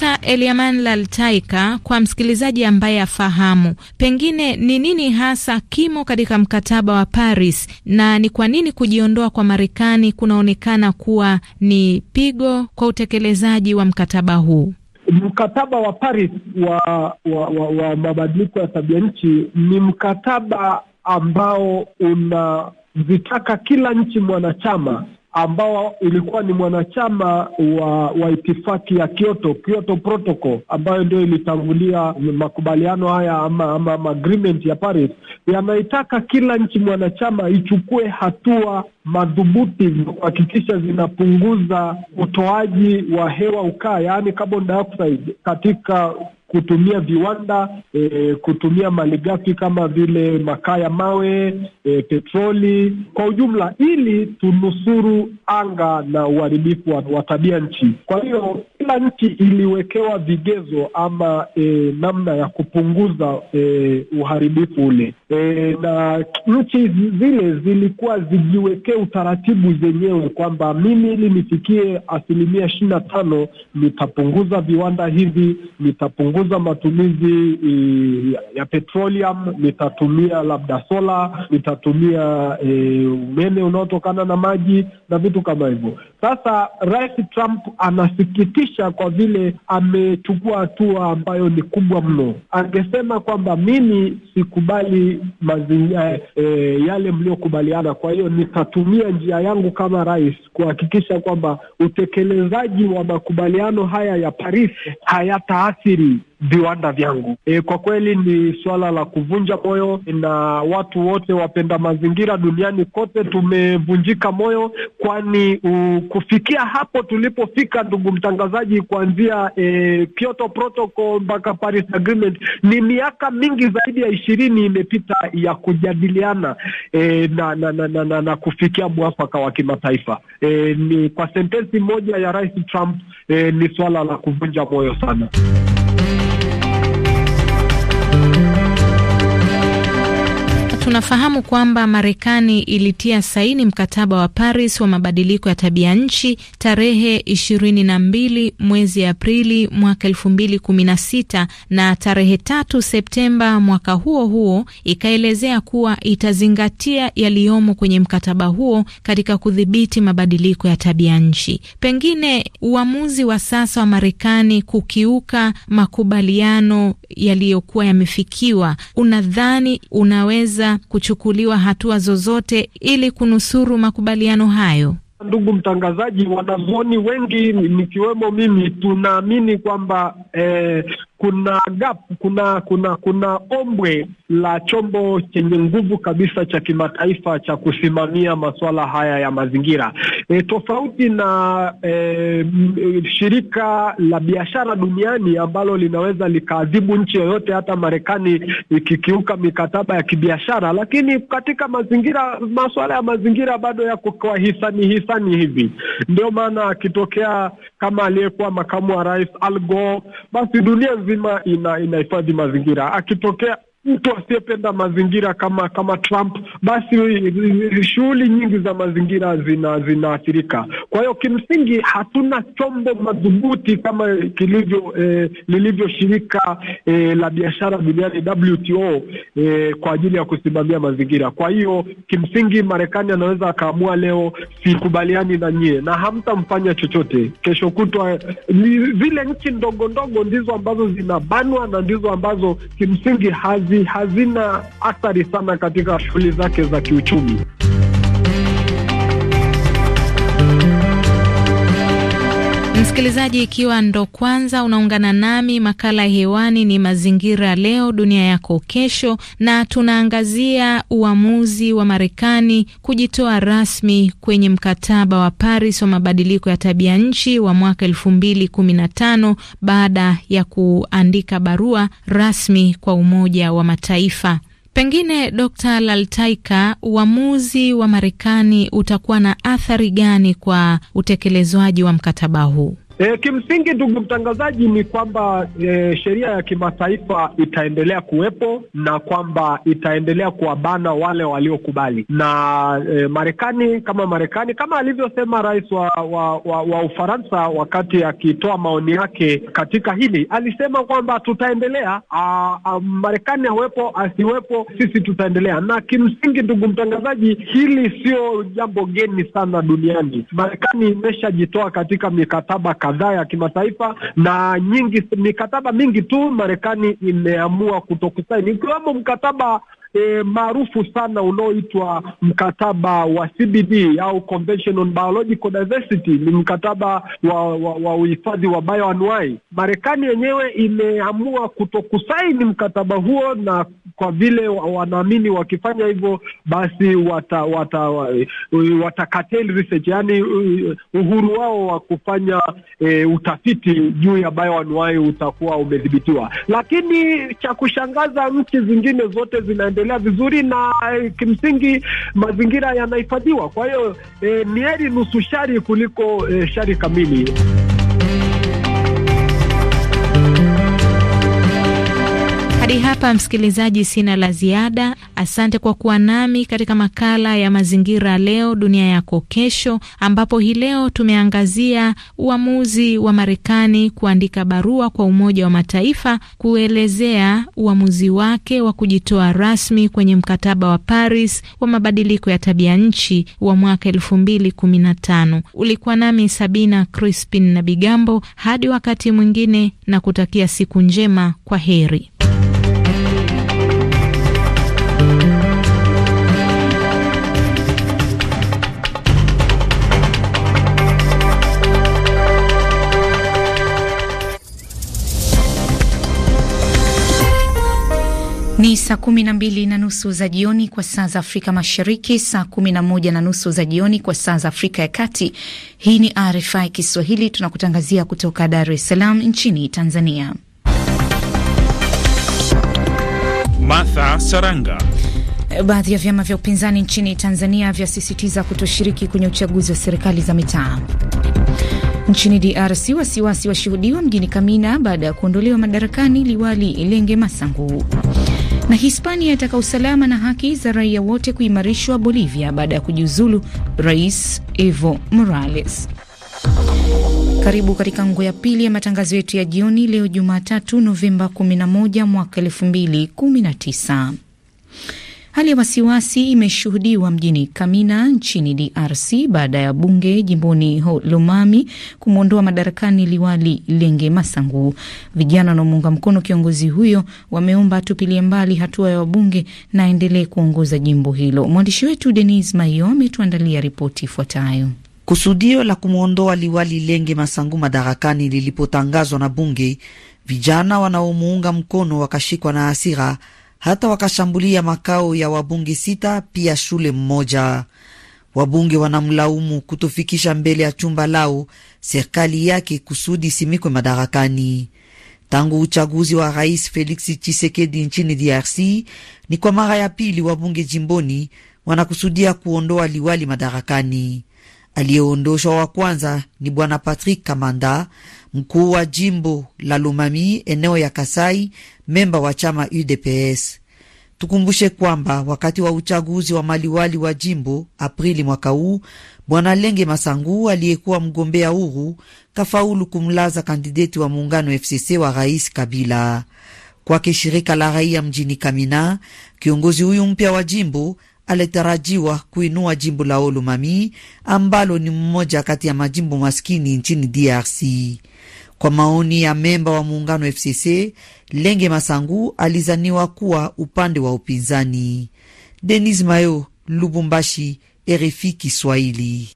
Dr. Eliaman Laltaika, kwa msikilizaji ambaye afahamu, pengine ni nini hasa kimo katika mkataba wa Paris na ni kwa nini kujiondoa kwa Marekani kunaonekana kuwa ni pigo kwa utekelezaji wa mkataba huu? Mkataba wa Paris wa, wa, wa, wa mabadiliko ya tabia nchi ni mkataba ambao unazitaka kila nchi mwanachama ambao ilikuwa ni mwanachama wa, wa itifaki ya Kyoto, Kyoto Protocol ambayo ndio ilitangulia makubaliano haya ama, ama, ama agreement ya Paris, yanaitaka kila nchi mwanachama ichukue hatua madhubuti kuhakikisha zinapunguza utoaji wa hewa ukaa, yaani carbon dioxide katika kutumia viwanda e, kutumia malighafi kama vile makaa ya mawe e, petroli kwa ujumla, ili tunusuru anga na uharibifu wa tabia nchi. Kwa hiyo kila nchi iliwekewa vigezo ama e, namna ya kupunguza e, uharibifu ule e, na nchi zile zilikuwa zijiwekee utaratibu zenyewe kwamba mimi, ili nifikie asilimia ishirini na tano nitapunguza viwanda hivi, nitapunguza kupunguza matumizi i, eh, ya petroleum, nitatumia labda sola, nitatumia e, umeme unaotokana na maji na vitu kama hivyo. Sasa Rais Trump anasikitisha kwa vile amechukua hatua ambayo ni kubwa mno. Angesema kwamba mimi sikubali mazi, e, eh, yale mliokubaliana kwa hiyo nitatumia njia yangu kama rais kuhakikisha kwamba utekelezaji wa makubaliano haya ya Paris hayataathiri viwanda vyangu. E, kwa kweli ni suala la kuvunja moyo, na watu wote wapenda mazingira duniani kote tumevunjika moyo, kwani uh, kufikia hapo tulipofika, ndugu mtangazaji, kuanzia e, Kyoto Protocol mpaka Paris Agreement ni miaka mingi zaidi ya ishirini imepita ya kujadiliana e, na, na, na, na, na, na kufikia mwafaka wa kimataifa e, ni kwa sentensi moja ya Rais Trump e, ni suala la kuvunja moyo sana. Tunafahamu kwamba Marekani ilitia saini mkataba wa Paris wa mabadiliko ya tabia nchi tarehe 22 mwezi Aprili mwaka 2016 na tarehe tatu Septemba mwaka huo huo ikaelezea kuwa itazingatia yaliyomo kwenye mkataba huo katika kudhibiti mabadiliko ya tabia nchi. Pengine uamuzi wa sasa wa Marekani kukiuka makubaliano yaliyokuwa yamefikiwa, unadhani unaweza kuchukuliwa hatua zozote ili kunusuru makubaliano hayo. Ndugu mtangazaji, wanazuoni wengi nikiwemo mimi tunaamini kwamba eh, kuna gap, kuna kuna kuna ombwe la chombo chenye nguvu kabisa cha kimataifa cha kusimamia masuala haya ya mazingira e, tofauti na e, shirika la biashara duniani ambalo linaweza likaadhibu nchi yoyote, hata Marekani ikikiuka mikataba ya kibiashara. Lakini katika mazingira, masuala ya mazingira bado yako kwa hisani hisani hivi. Ndio maana akitokea kama aliyekuwa makamu wa rais Al Gore, basi dunia lazima ina inahifadhi mazingira akitokea mtu asiyependa mazingira kama kama Trump, basi shughuli nyingi za mazingira zina zinaathirika. Kwa hiyo kimsingi hatuna chombo madhubuti kama kilivyo eh, lilivyo shirika eh, la biashara duniani WTO, eh, kwa ajili ya kusimamia mazingira. Kwa hiyo kimsingi Marekani anaweza akaamua leo, sikubaliani na nyie na hamtamfanya chochote. Kesho kutwa zile nchi ndogo ndogo ndizo ambazo zinabanwa na ndizo ambazo kimsingi hazi hizi hazina athari sana katika shughuli zake za kiuchumi. Msikilizaji, ikiwa ndo kwanza unaungana nami, makala ya hewani ni Mazingira Leo Dunia Yako Kesho, na tunaangazia uamuzi wa Marekani kujitoa rasmi kwenye mkataba wa Paris wa mabadiliko ya tabia nchi wa mwaka elfu mbili kumi na tano baada ya kuandika barua rasmi kwa Umoja wa Mataifa. Pengine Dr. Laltaika, uamuzi wa Marekani utakuwa na athari gani kwa utekelezwaji wa mkataba huu? E, kimsingi ndugu mtangazaji ni kwamba e, sheria ya kimataifa itaendelea kuwepo na kwamba itaendelea kuwabana wale waliokubali na e, Marekani kama Marekani kama alivyosema rais wa, wa, wa, wa Ufaransa wakati akitoa maoni yake katika hili alisema kwamba tutaendelea, ah, ah, Marekani awepo asiwepo, sisi tutaendelea. Na kimsingi ndugu mtangazaji, hili sio jambo geni sana duniani. Marekani imeshajitoa katika mikataba kadhaa ya kimataifa na nyingi mikataba mingi tu Marekani imeamua kutokusaini ikiwemo mkataba e, maarufu sana unaoitwa mkataba wa CBD au Convention on Biological Diversity, ni mkataba wa uhifadhi wa, wa, wa bioanuai. Marekani yenyewe imeamua kutokusaini mkataba huo, na kwa vile wanaamini wakifanya hivyo basi wata, wata, wata, wata research, yani uh, uhuru wao wa kufanya e, utafiti juu ya bioanuai utakuwa umedhibitiwa, lakini cha kushangaza nchi zingine zote zinaendelea yanaendelea vizuri na eh, kimsingi mazingira yanahifadhiwa. Kwa hiyo e, eh, ni heri nusu shari kuliko e, shari kamili. Hadi hapa msikilizaji, sina la ziada. Asante kwa kuwa nami katika makala ya mazingira leo dunia yako kesho, ambapo hii leo tumeangazia uamuzi wa Marekani kuandika barua kwa Umoja wa Mataifa kuelezea uamuzi wake wa kujitoa rasmi kwenye mkataba wa Paris wa mabadiliko ya tabia nchi wa mwaka elfu mbili kumi na tano. Ulikuwa nami Sabina Crispin na Bigambo. Hadi wakati mwingine, na kutakia siku njema. Kwa heri. Ni saa kumi na mbili na nusu za jioni kwa saa za Afrika Mashariki, saa kumi na moja na nusu za jioni kwa saa za Afrika ya Kati. Hii ni RFI Kiswahili, tunakutangazia kutoka Dar es Salaam nchini Tanzania. Martha Saranga. Baadhi ya vyama vya upinzani nchini Tanzania vyasisitiza kutoshiriki kwenye uchaguzi wa serikali za mitaa. Nchini DRC wasiwasi washuhudiwa mjini Kamina baada ya kuondolewa madarakani liwali Lenge Masangu. Na Hispania yataka usalama na haki za raia wote kuimarishwa Bolivia baada ya kujiuzulu Rais Evo Morales. Karibu katika ngo ya pili ya matangazo yetu ya jioni leo Jumatatu Novemba 11 mwaka 2019. Hali ya wasiwasi imeshuhudiwa mjini Kamina nchini DRC baada ya bunge jimboni Lomami kumwondoa madarakani liwali Lenge Masangu. Vijana wanaomuunga mkono kiongozi huyo wameomba atupilie mbali hatua ya wabunge na aendelee kuongoza jimbo hilo. Mwandishi wetu Denis Maio ametuandalia ripoti ifuatayo. Kusudio la kumwondoa liwali Lenge Masangu madarakani lilipotangazwa na bunge, vijana wanaomuunga mkono wakashikwa na hasira hata wakashambulia makao ya wabunge sita, pia shule mmoja. Wabunge wanamlaumu kutofikisha mbele ya chumba lao serikali yake kusudi simikwe madarakani. Tangu uchaguzi wa rais Felix Tshisekedi nchini DRC, ni kwa mara ya pili wabunge jimboni wanakusudia kuondoa liwali madarakani. Aliyeondoshwa wa kwanza ni bwana Patrick Kamanda mkuu wa jimbo la Lumami eneo ya Kasai, memba wa chama UDPS. Tukumbushe kwamba wakati wa uchaguzi wa maliwali wa jimbo Aprili mwaka huu, bwana Lenge Masangu aliyekuwa mgombea huru kafaulu kumlaza kandideti wa muungano FCC wa rais Kabila. Kwake shirika la raia mjini Kamina, kiongozi huyu mpya wa jimbo alitarajiwa kuinua jimbo la Olumami ambalo ni mmoja kati ya majimbo maskini nchini DRC. Kwa maoni ya memba wa muungano FCC Lenge Masangu, alizaniwa kuwa upande wa upinzani. Denis Mayo, Lubumbashi, RFI Kiswahili.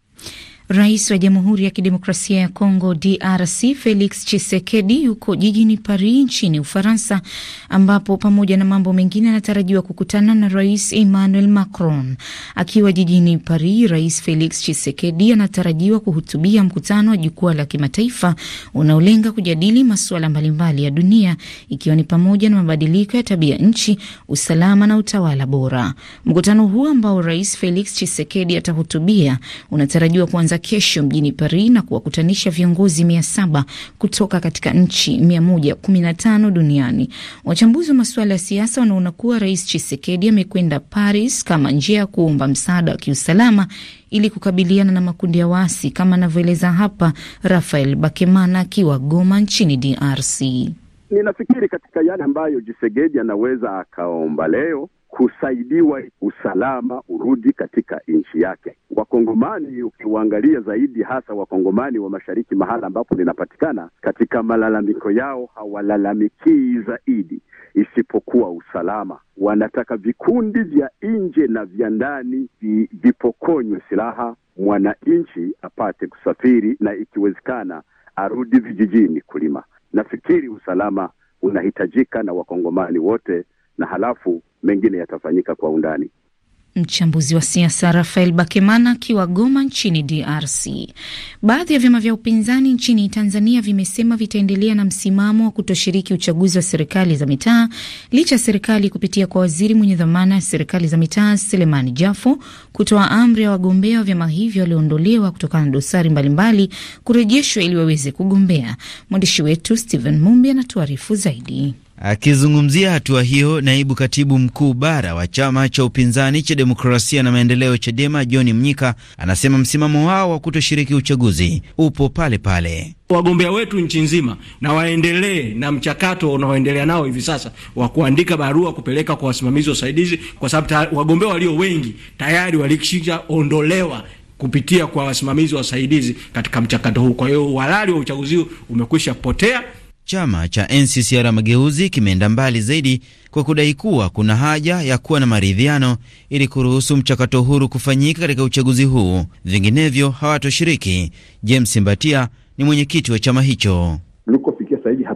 Rais wa Jamhuri ya Kidemokrasia ya Kongo DRC Felix Tshisekedi yuko jijini Paris nchini Ufaransa, ambapo pamoja na mambo mengine anatarajiwa kukutana na Rais Emmanuel Macron. Akiwa jijini Paris, Rais Felix Tshisekedi anatarajiwa kuhutubia mkutano wa jukwaa la kimataifa unaolenga kujadili masuala mbalimbali ya dunia, ikiwa ni pamoja na mabadiliko ya tabia nchi, usalama na utawala bora. Mkutano huu ambao Rais Felix Tshisekedi atahutubia unatarajiwa kuanza kesho mjini Paris na kuwakutanisha viongozi mia saba kutoka katika nchi mia moja kumi na tano duniani. Wachambuzi wa masuala ya siasa wanaona kuwa Rais Chisekedi amekwenda Paris kama njia ya kuomba msaada wa kiusalama ili kukabiliana na makundi ya waasi, kama anavyoeleza hapa Rafael Bakemana akiwa Goma nchini DRC. Ninafikiri katika yale ambayo Jisegedi anaweza akaomba leo kusaidiwa usalama urudi katika nchi yake. Wakongomani ukiwaangalia zaidi, hasa wakongomani wa mashariki, mahala ambapo linapatikana katika malalamiko yao hawalalamikii zaidi isipokuwa usalama. Wanataka vikundi vya nje na vya ndani vipokonywe silaha, mwananchi apate kusafiri na ikiwezekana arudi vijijini kulima. Nafikiri usalama unahitajika na wakongomani wote, na halafu mengine yatafanyika kwa undani. Mchambuzi wa siasa Rafael Bakemana akiwa Goma nchini DRC. Baadhi ya vyama vya upinzani nchini Tanzania vimesema vitaendelea na msimamo wa kutoshiriki uchaguzi wa serikali za mitaa licha ya serikali kupitia kwa waziri mwenye dhamana ya serikali za mitaa Selemani Jafo kutoa amri ya wagombea wa vyama hivyo walioondolewa kutokana na dosari mbalimbali kurejeshwa ili waweze kugombea. Mwandishi wetu Stephen Mumbi anatuarifu zaidi. Akizungumzia hatua hiyo, naibu katibu mkuu bara wa chama cha upinzani cha demokrasia na maendeleo CHADEMA John Mnyika anasema msimamo wao wa kutoshiriki uchaguzi upo pale pale. Wagombea wetu nchi nzima na waendelee na mchakato unaoendelea nao hivi sasa wa kuandika barua kupeleka kwa wasimamizi wa usaidizi, kwa sababu wagombea walio wengi tayari walikisha ondolewa kupitia kwa wasimamizi wa usaidizi katika mchakato huu. Kwa hiyo uhalali wa uchaguzi huu umekwisha potea. Chama cha NCCR Mageuzi kimeenda mbali zaidi kwa kudai kuwa kuna haja ya kuwa na maridhiano ili kuruhusu mchakato huru kufanyika katika uchaguzi huu, vinginevyo hawatoshiriki. James Mbatia ni mwenyekiti wa chama hicho. Luko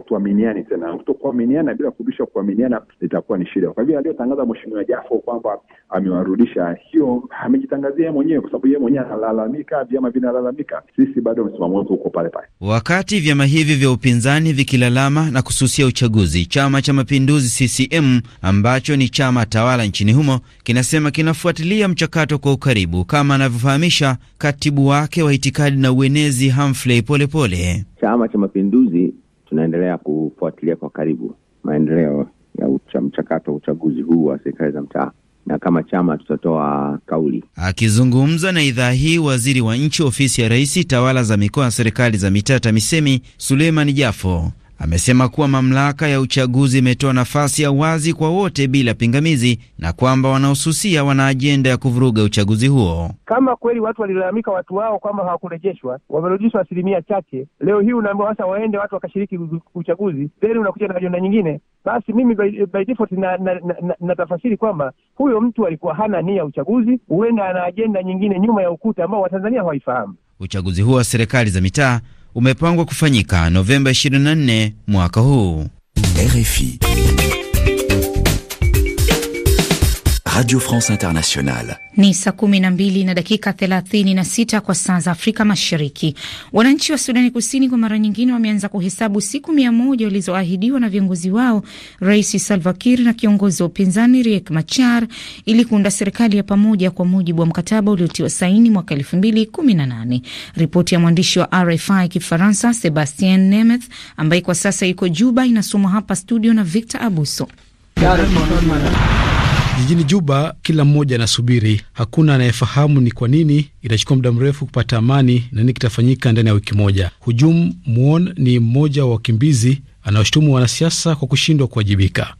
tuaminiani tena. Kutokuaminiana bila kurudisha kuaminiana itakuwa ni shida. Kwa hivyo aliyotangaza Mheshimiwa Jafo kwamba amewarudisha, hiyo amejitangazia mwenyewe, kwa sababu yeye mwenyewe analalamika, vyama vinalalamika, sisi bado msimamo wetu uko pale pale. Wakati vyama hivi vya upinzani vikilalama na kususia uchaguzi, Chama cha Mapinduzi CCM ambacho ni chama tawala nchini humo kinasema kinafuatilia mchakato kwa ukaribu, kama anavyofahamisha katibu wake wa itikadi na uenezi Humphrey Polepole. Chama cha Mapinduzi tunaendelea kufuatilia kwa karibu maendeleo ya ucha, mchakato wa uchaguzi huu wa serikali za mtaa na kama chama tutatoa kauli. Akizungumza na idhaa hii, waziri wa nchi ofisi ya rais, tawala za mikoa, serikali za mitaa, TAMISEMI, Suleiman Jafo amesema kuwa mamlaka ya uchaguzi imetoa nafasi ya wazi kwa wote bila pingamizi na kwamba wanaosusia wana ajenda ya kuvuruga uchaguzi huo. Kama kweli watu walilalamika watu wao kwamba hawakurejeshwa, wamerejeshwa asilimia chache, leo hii unaambiwa sasa waende watu wakashiriki uchaguzi, then unakuja na ajenda nyingine. Basi mimi by, by default na, na, na, na, natafasiri kwamba huyo mtu alikuwa hana nia ya uchaguzi, huenda ana ajenda nyingine nyuma ya ukuta ambao Watanzania hawaifahamu. Uchaguzi huo wa serikali za mitaa umepangwa kufanyika Novemba 24 mwaka huu. RFI. Radio France Internationale. Ni saa kumi na mbili na dakika thelathini na sita kwa saa za Afrika Mashariki. Wananchi wa Sudani Kusini kwa mara nyingine wameanza kuhesabu siku mia moja walizoahidiwa na viongozi wao Rais Salva Kiir na kiongozi wa upinzani Riek Machar ili kuunda serikali ya pamoja kwa mujibu wa mkataba uliotiwa saini mwaka elfu mbili kumi na nane. Ripoti ya mwandishi wa RFI Kifaransa Sebastien Nemeth ambaye kwa sasa yuko Juba inasomwa hapa studio na Victor Abuso. Jijini Juba, kila mmoja anasubiri, hakuna anayefahamu ni kwa nini itachukua muda mrefu kupata amani na nini kitafanyika ndani ya wiki moja. Hujum Muon ni mmoja wa wakimbizi anawashutumu wanasiasa kwa kushindwa kuwajibika.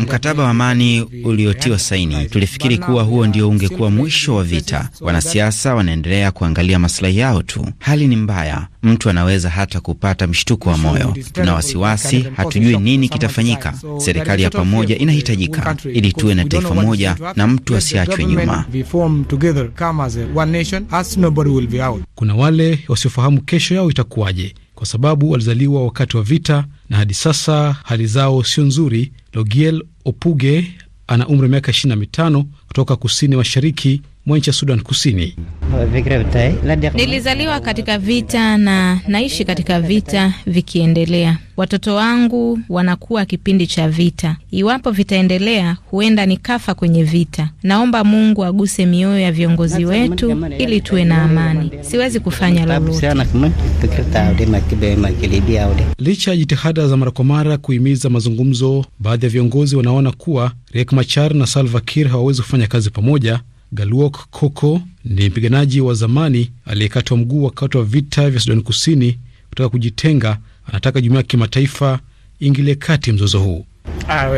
Mkataba wa amani uliotiwa saini, tulifikiri kuwa huo ndio ungekuwa mwisho wa vita. Wanasiasa wanaendelea kuangalia masilahi yao tu. Hali ni mbaya, mtu anaweza hata kupata mshtuko wa moyo. Tuna wasiwasi, hatujui nini kitafanyika. Serikali ya pamoja inahitajika ili tuwe na taifa moja na mtu asiachwe nyuma. Kuna wale wasiofahamu kesho yao itakuwaje kwa sababu walizaliwa wakati wa vita na hadi sasa hali zao sio nzuri. Logiel Opuge ana umri wa miaka 25 kutoka kusini mashariki mwa nchi ya Sudan Kusini. Nilizaliwa katika vita na naishi katika vita vikiendelea. Watoto wangu wanakuwa kipindi cha vita. Iwapo vitaendelea, huenda ni kafa kwenye vita. Naomba Mungu aguse mioyo ya viongozi wetu ili tuwe na amani. Siwezi kufanya lolote. Licha ya jitihada za mara kwa mara kuhimiza mazungumzo, baadhi ya viongozi wanaona kuwa Riek Machar na Salva Kiir hawawezi kufanya wanafanya kazi pamoja. Galuok Koko ni mpiganaji wa zamani aliyekatwa mguu wakati wa vita vya Sudani Kusini kutaka kujitenga. Anataka jumuiya ya kimataifa ingilie kati mzozo huu. Ah,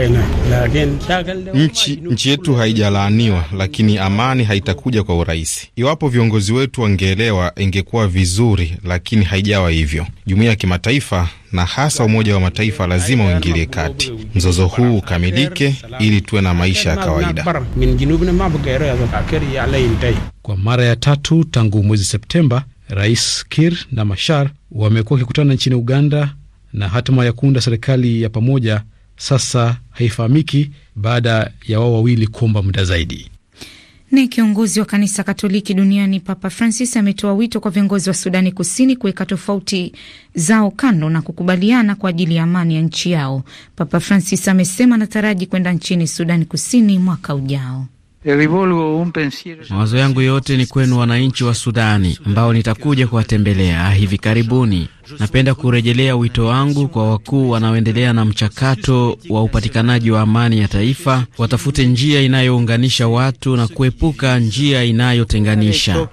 nchi nchi yetu haijalaaniwa, lakini amani haitakuja kwa urahisi. Iwapo viongozi wetu wangeelewa, ingekuwa vizuri, lakini haijawa hivyo. Jumuiya ya kimataifa na hasa Umoja wa Mataifa lazima uingilie kati, mzozo huu ukamilike, ili tuwe na maisha ya kawaida. Kwa mara ya tatu tangu mwezi Septemba, Rais Kir na Mashar wamekuwa wakikutana nchini Uganda, na hatima ya kuunda serikali ya pamoja sasa haifahamiki baada ya wao wawili kuomba muda zaidi. Ni kiongozi wa kanisa Katoliki duniani Papa Francis ametoa wito kwa viongozi wa Sudani Kusini kuweka tofauti zao kando na kukubaliana kwa ajili ya amani ya nchi yao. Papa Francis amesema anataraji kwenda nchini Sudani Kusini mwaka ujao. Mawazo yangu yote ni kwenu wananchi wa Sudani ambao nitakuja kuwatembelea hivi karibuni. Napenda kurejelea wito wangu kwa wakuu wanaoendelea na mchakato wa upatikanaji wa amani ya taifa, watafute njia inayounganisha watu na kuepuka njia inayotenganisha.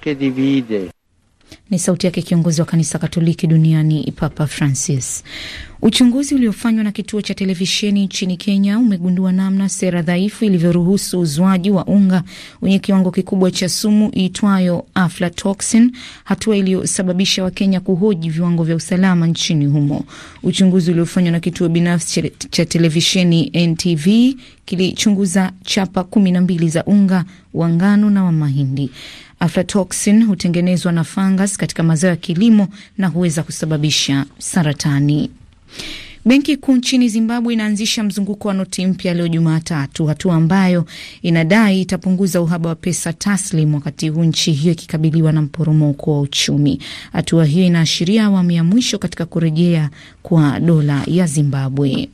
Ni sauti yake kiongozi wa kanisa Katoliki duniani Papa Francis. Uchunguzi uliofanywa na kituo cha televisheni nchini Kenya umegundua namna sera dhaifu ilivyoruhusu uzwaji wa unga wenye kiwango kikubwa cha sumu iitwayo aflatoxin, hatua iliyosababisha Wakenya kuhoji viwango vya usalama nchini humo. Uchunguzi uliofanywa na kituo binafsi cha televisheni NTV kilichunguza chapa kumi na mbili za unga wa ngano na wa mahindi. Aflatoxin hutengenezwa na fangas katika mazao ya kilimo na huweza kusababisha saratani. Benki Kuu nchini Zimbabwe inaanzisha mzunguko wa noti mpya leo Jumatatu, hatua ambayo inadai itapunguza uhaba wa pesa taslim, wakati huu nchi hiyo ikikabiliwa na mporomoko wa uchumi. Hatua hiyo inaashiria awamu ya mwisho katika kurejea kwa dola ya Zimbabwe.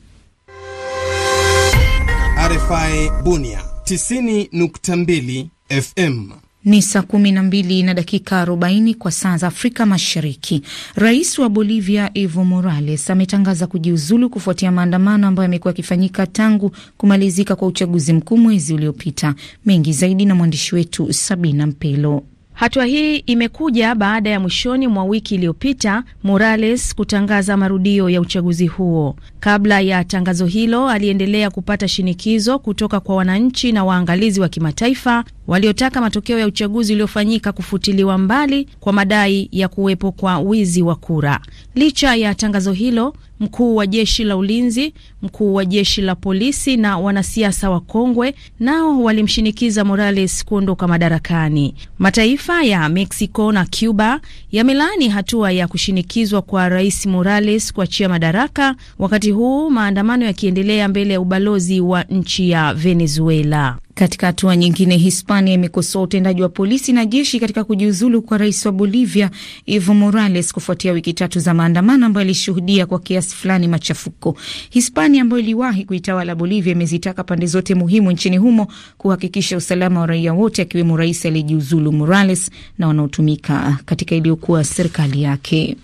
RFI Bunia 90.2 FM ni saa kumi na mbili na dakika arobaini kwa saa za Afrika Mashariki. Rais wa Bolivia Evo Morales ametangaza kujiuzulu kufuatia maandamano ambayo yamekuwa yakifanyika tangu kumalizika kwa uchaguzi mkuu mwezi uliopita. Mengi zaidi na mwandishi wetu Sabina Mpelo. Hatua hii imekuja baada ya mwishoni mwa wiki iliyopita Morales kutangaza marudio ya uchaguzi huo. Kabla ya tangazo hilo, aliendelea kupata shinikizo kutoka kwa wananchi na waangalizi wa kimataifa waliotaka matokeo ya uchaguzi uliofanyika kufutiliwa mbali kwa madai ya kuwepo kwa wizi wa kura. Licha ya tangazo hilo, mkuu wa jeshi la ulinzi, mkuu wa jeshi la polisi na wanasiasa wa kongwe nao walimshinikiza Morales kuondoka madarakani. Mataifa ya Mexico na Cuba yamelaani hatua ya kushinikizwa kwa rais Morales kuachia madaraka, wakati huu maandamano yakiendelea mbele ya ubalozi wa nchi ya Venezuela. Katika hatua nyingine, Hispania imekosoa utendaji wa polisi na jeshi katika kujiuzulu kwa rais wa Bolivia Evo Morales kufuatia wiki tatu za maandamano ambayo ilishuhudia kwa kiasi fulani machafuko. Hispania ambayo iliwahi kuitawala Bolivia imezitaka pande zote muhimu nchini humo kuhakikisha usalama wa raia wote, akiwemo rais aliyejiuzulu Morales na wanaotumika katika iliyokuwa serikali yake.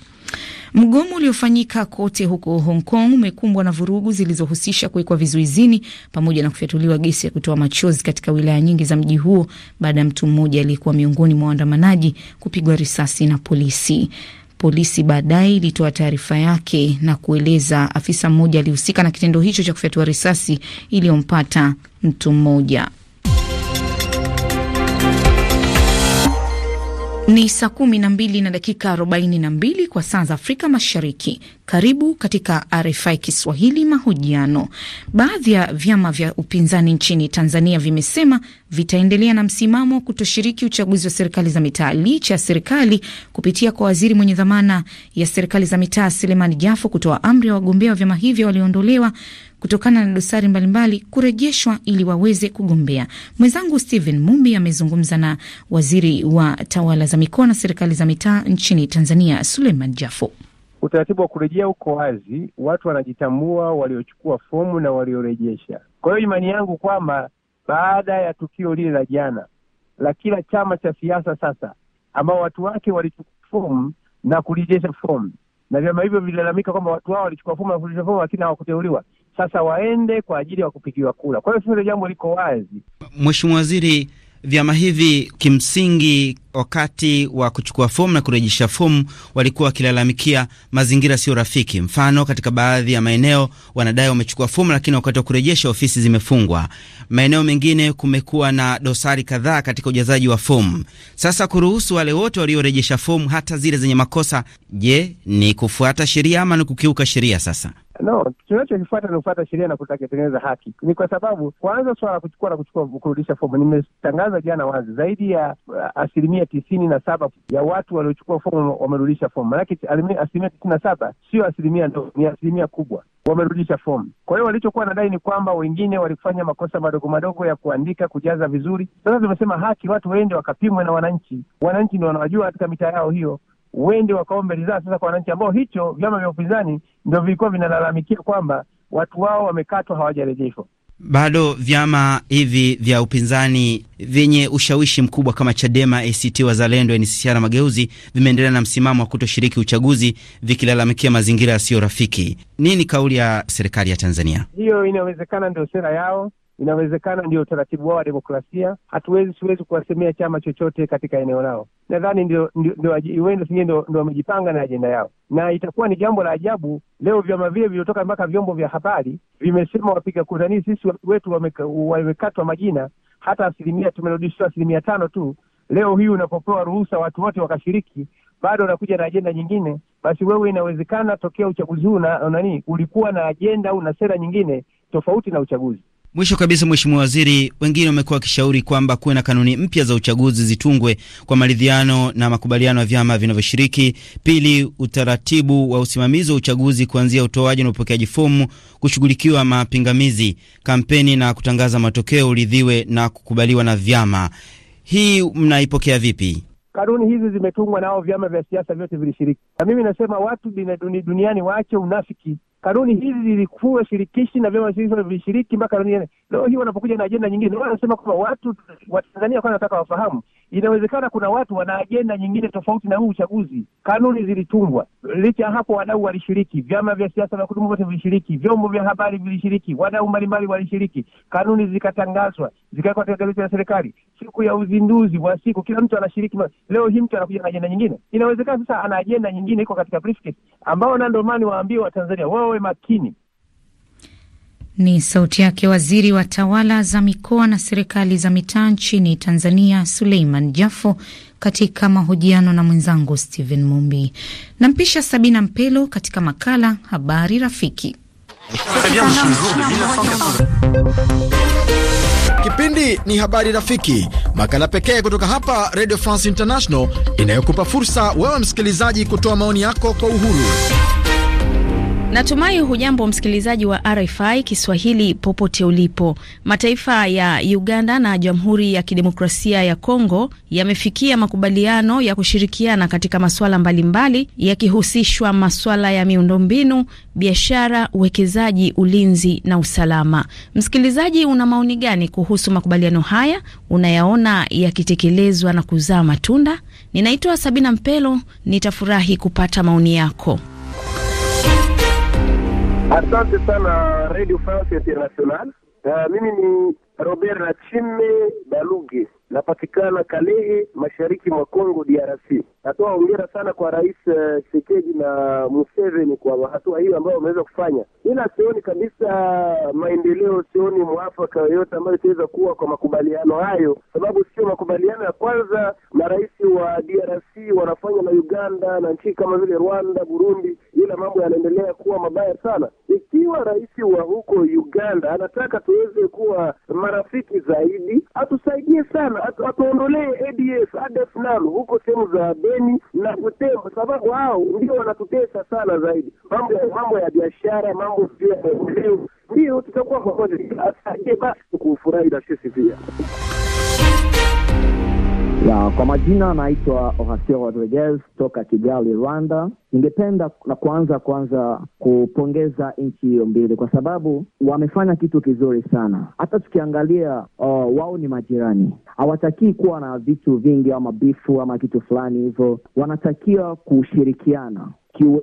Mgomo uliofanyika kote huko Hong Kong umekumbwa na vurugu zilizohusisha kuwekwa vizuizini pamoja na kufyatuliwa gesi ya kutoa machozi katika wilaya nyingi za mji huo baada ya mtu mmoja aliyekuwa miongoni mwa waandamanaji kupigwa risasi na polisi. Polisi baadaye ilitoa taarifa yake na kueleza afisa mmoja alihusika na kitendo hicho cha kufyatua risasi iliyompata mtu mmoja. Ni saa kumi na mbili na dakika arobaini na mbili kwa saa za Afrika Mashariki. Karibu katika RFI Kiswahili mahojiano. Baadhi ya vyama vya upinzani nchini Tanzania vimesema vitaendelea na msimamo wa kutoshiriki uchaguzi wa serikali za mitaa licha ya serikali kupitia kwa waziri mwenye dhamana ya serikali za mitaa Selemani Jafo kutoa amri ya wagombea wa vyama hivyo walioondolewa kutokana na dosari mbalimbali kurejeshwa ili waweze kugombea. Mwenzangu Stephen Mumbi amezungumza na waziri wa tawala za mikoa na serikali za mitaa nchini Tanzania, Suleiman Jafo. Utaratibu wa kurejea uko wazi, watu wanajitambua, waliochukua fomu na waliorejesha. Kwa hiyo imani yangu kwamba baada ya tukio lile la jana la kila chama cha siasa sasa, ambao watu wake walichukua fomu na kurejesha fomu, na vyama hivyo vililalamika kwamba watu hao walichukua fomu na kurejesha fomu, lakini hawakuteuliwa sasa waende kwa ajili ya kupigiwa kura. Kwa hiyo sasa jambo liko wazi. Mheshimiwa Waziri, vyama hivi kimsingi, wakati wa kuchukua fomu na kurejesha fomu, walikuwa wakilalamikia mazingira sio rafiki. Mfano, katika baadhi ya maeneo wanadai wamechukua fomu, lakini wakati wa kurejesha ofisi zimefungwa. Maeneo mengine kumekuwa na dosari kadhaa katika ujazaji wa fomu. Sasa kuruhusu wale wote waliorejesha fomu, hata zile zenye makosa, je, ni kufuata sheria ama ni kukiuka sheria? Sasa No, tunachokifuata ni kufuata sheria na kutengeneza haki. Ni kwa sababu kwanza, suala la kuchukua na kuchukua kurudisha fomu, nimetangaza jana wazi, zaidi ya uh, asilimia tisini na saba ya watu waliochukua fomu wamerudisha fomu. Maanake asilimia tisini na saba sio asilimia ndogo, ni asilimia kubwa wamerudisha fomu. Kwa hiyo walichokuwa nadai ni kwamba wengine walifanya makosa madogo madogo ya kuandika, kujaza vizuri. Sasa tumesema haki, watu waende wakapimwe na wananchi. Wananchi ndio wanawajua katika mitaa yao hiyo wende wakaombe ridhaa sasa kwa wananchi ambao hicho vyama vya upinzani ndio vilikuwa vinalalamikia kwamba watu wao wamekatwa, hawajarejeshwa. Bado vyama hivi vya upinzani vyenye ushawishi mkubwa kama Chadema, ACT Wazalendo, NCCR na Mageuzi vimeendelea na msimamo wa kutoshiriki uchaguzi vikilalamikia mazingira yasiyo rafiki. Nini kauli ya serikali ya Tanzania? Hiyo inawezekana ndio sera yao, Inawezekana ndio utaratibu wao wa demokrasia. Hatuwezi, siwezi kuwasemea chama chochote katika eneo lao. Nadhani ndio huenda singine ndio wamejipanga na ajenda yao, na itakuwa ni jambo la ajabu leo vyama vile vilivyotoka mpaka vyombo vya habari vimesema wapiga kura nii sisi wetu wamekatwa majina, hata asilimia tumerudishwa asilimia tano tu. Leo hii unapopewa ruhusa watu wote wakashiriki bado unakuja na ajenda nyingine, basi wewe, inawezekana tokea uchaguzi huu na nani, ulikuwa na ajenda au na sera nyingine tofauti na uchaguzi. Mwisho kabisa, Mheshimiwa Waziri, wengine wamekuwa wakishauri kwamba kuwe na kanuni mpya za uchaguzi zitungwe kwa maridhiano na makubaliano ya vyama vinavyoshiriki. Pili, utaratibu wa usimamizi wa uchaguzi kuanzia utoaji na upokeaji fomu, kushughulikiwa mapingamizi, kampeni na kutangaza matokeo uridhiwe na kukubaliwa na vyama. Hii mnaipokea vipi? Kanuni hizi zimetungwa nao vyama vya siasa vyote vilishiriki, na mimi nasema watu duniani waache unafiki kanuni hizi zilikuwa shirikishi na vyama hivyo vishiriki mpaka kanuni leo hii wanapokuja na ajenda nyingine. Wao wanasema kwamba watu wa Tanzania kwanza nataka wafahamu, inawezekana kuna watu wana ajenda nyingine tofauti na huu uchaguzi. Kanuni zilitungwa, licha ya hapo wadau walishiriki, vyama vya siasa vya kudumu vyote vilishiriki, vyombo vya habari vilishiriki, wadau mbalimbali walishiriki, kanuni zikatangazwa, zikawekwa katika gazeti la serikali. Siku ya uzinduzi wa siku, kila mtu anashiriki. Leo hii mtu anakuja na ajenda nyingine, inawezekana sasa ana ajenda nyingine iko katika briefcase, ambao na ndio maana waambiwa Watanzania wao wawe makini. Ni sauti yake waziri wa tawala za mikoa na serikali za mitaa nchini Tanzania, Suleiman Jafo, katika mahojiano na mwenzangu Stephen Mumbi. Nampisha Sabina Mpelo katika makala Habari Rafiki. Kipindi ni Habari Rafiki, makala pekee kutoka hapa Radio France International inayokupa fursa wewe msikilizaji kutoa maoni yako kwa uhuru. Natumai hujambo msikilizaji wa RFI Kiswahili popote ulipo. Mataifa ya Uganda na Jamhuri ya Kidemokrasia ya Kongo yamefikia makubaliano ya kushirikiana katika masuala mbalimbali yakihusishwa masuala ya miundombinu, biashara, uwekezaji, ulinzi na usalama. Msikilizaji, una maoni gani kuhusu makubaliano haya? Unayaona yakitekelezwa na kuzaa matunda? Ninaitwa Sabina Mpelo, nitafurahi kupata maoni yako. Asante sana Radio France International. Uh, mimi ni Robert Nachime Baluge, napatikana Kalehe, mashariki mwa Kongo DRC. Natoa hongera sana kwa Rais uh, Tshisekedi uh, na Museveni kwa hatua hiyo ambayo wameweza kufanya, ila sioni kabisa maendeleo, sioni mwafaka yoyote ambayo itaweza kuwa kwa makubaliano hayo, sababu sio makubaliano ya kwanza marais wa DRC wanafanya na Uganda na nchi kama vile Rwanda, Burundi Ila mambo yanaendelea kuwa mabaya sana. Ikiwa rais wa huko Uganda anataka tuweze kuwa marafiki zaidi, atusaidie sana, atuondolee ADF, ADF huko sehemu za Beni na Butembo, kwa sababu hao ndio wanatutesa sana zaidi. Mambo ya mambo ya biashara, mambo ya maendeleo, ndio tutakuwa pamoja. Asaidie basi kufurahi na sisi pia. Ya, kwa majina anaitwa Ohasio Rodriguez toka Kigali, Rwanda. Ningependa na kuanza kwanza kupongeza nchi hiyo mbili kwa sababu wamefanya kitu kizuri sana. Hata tukiangalia uh, wao ni majirani, hawatakii kuwa na vitu vingi ama bifu ama kitu fulani hivyo, wanatakiwa kushirikiana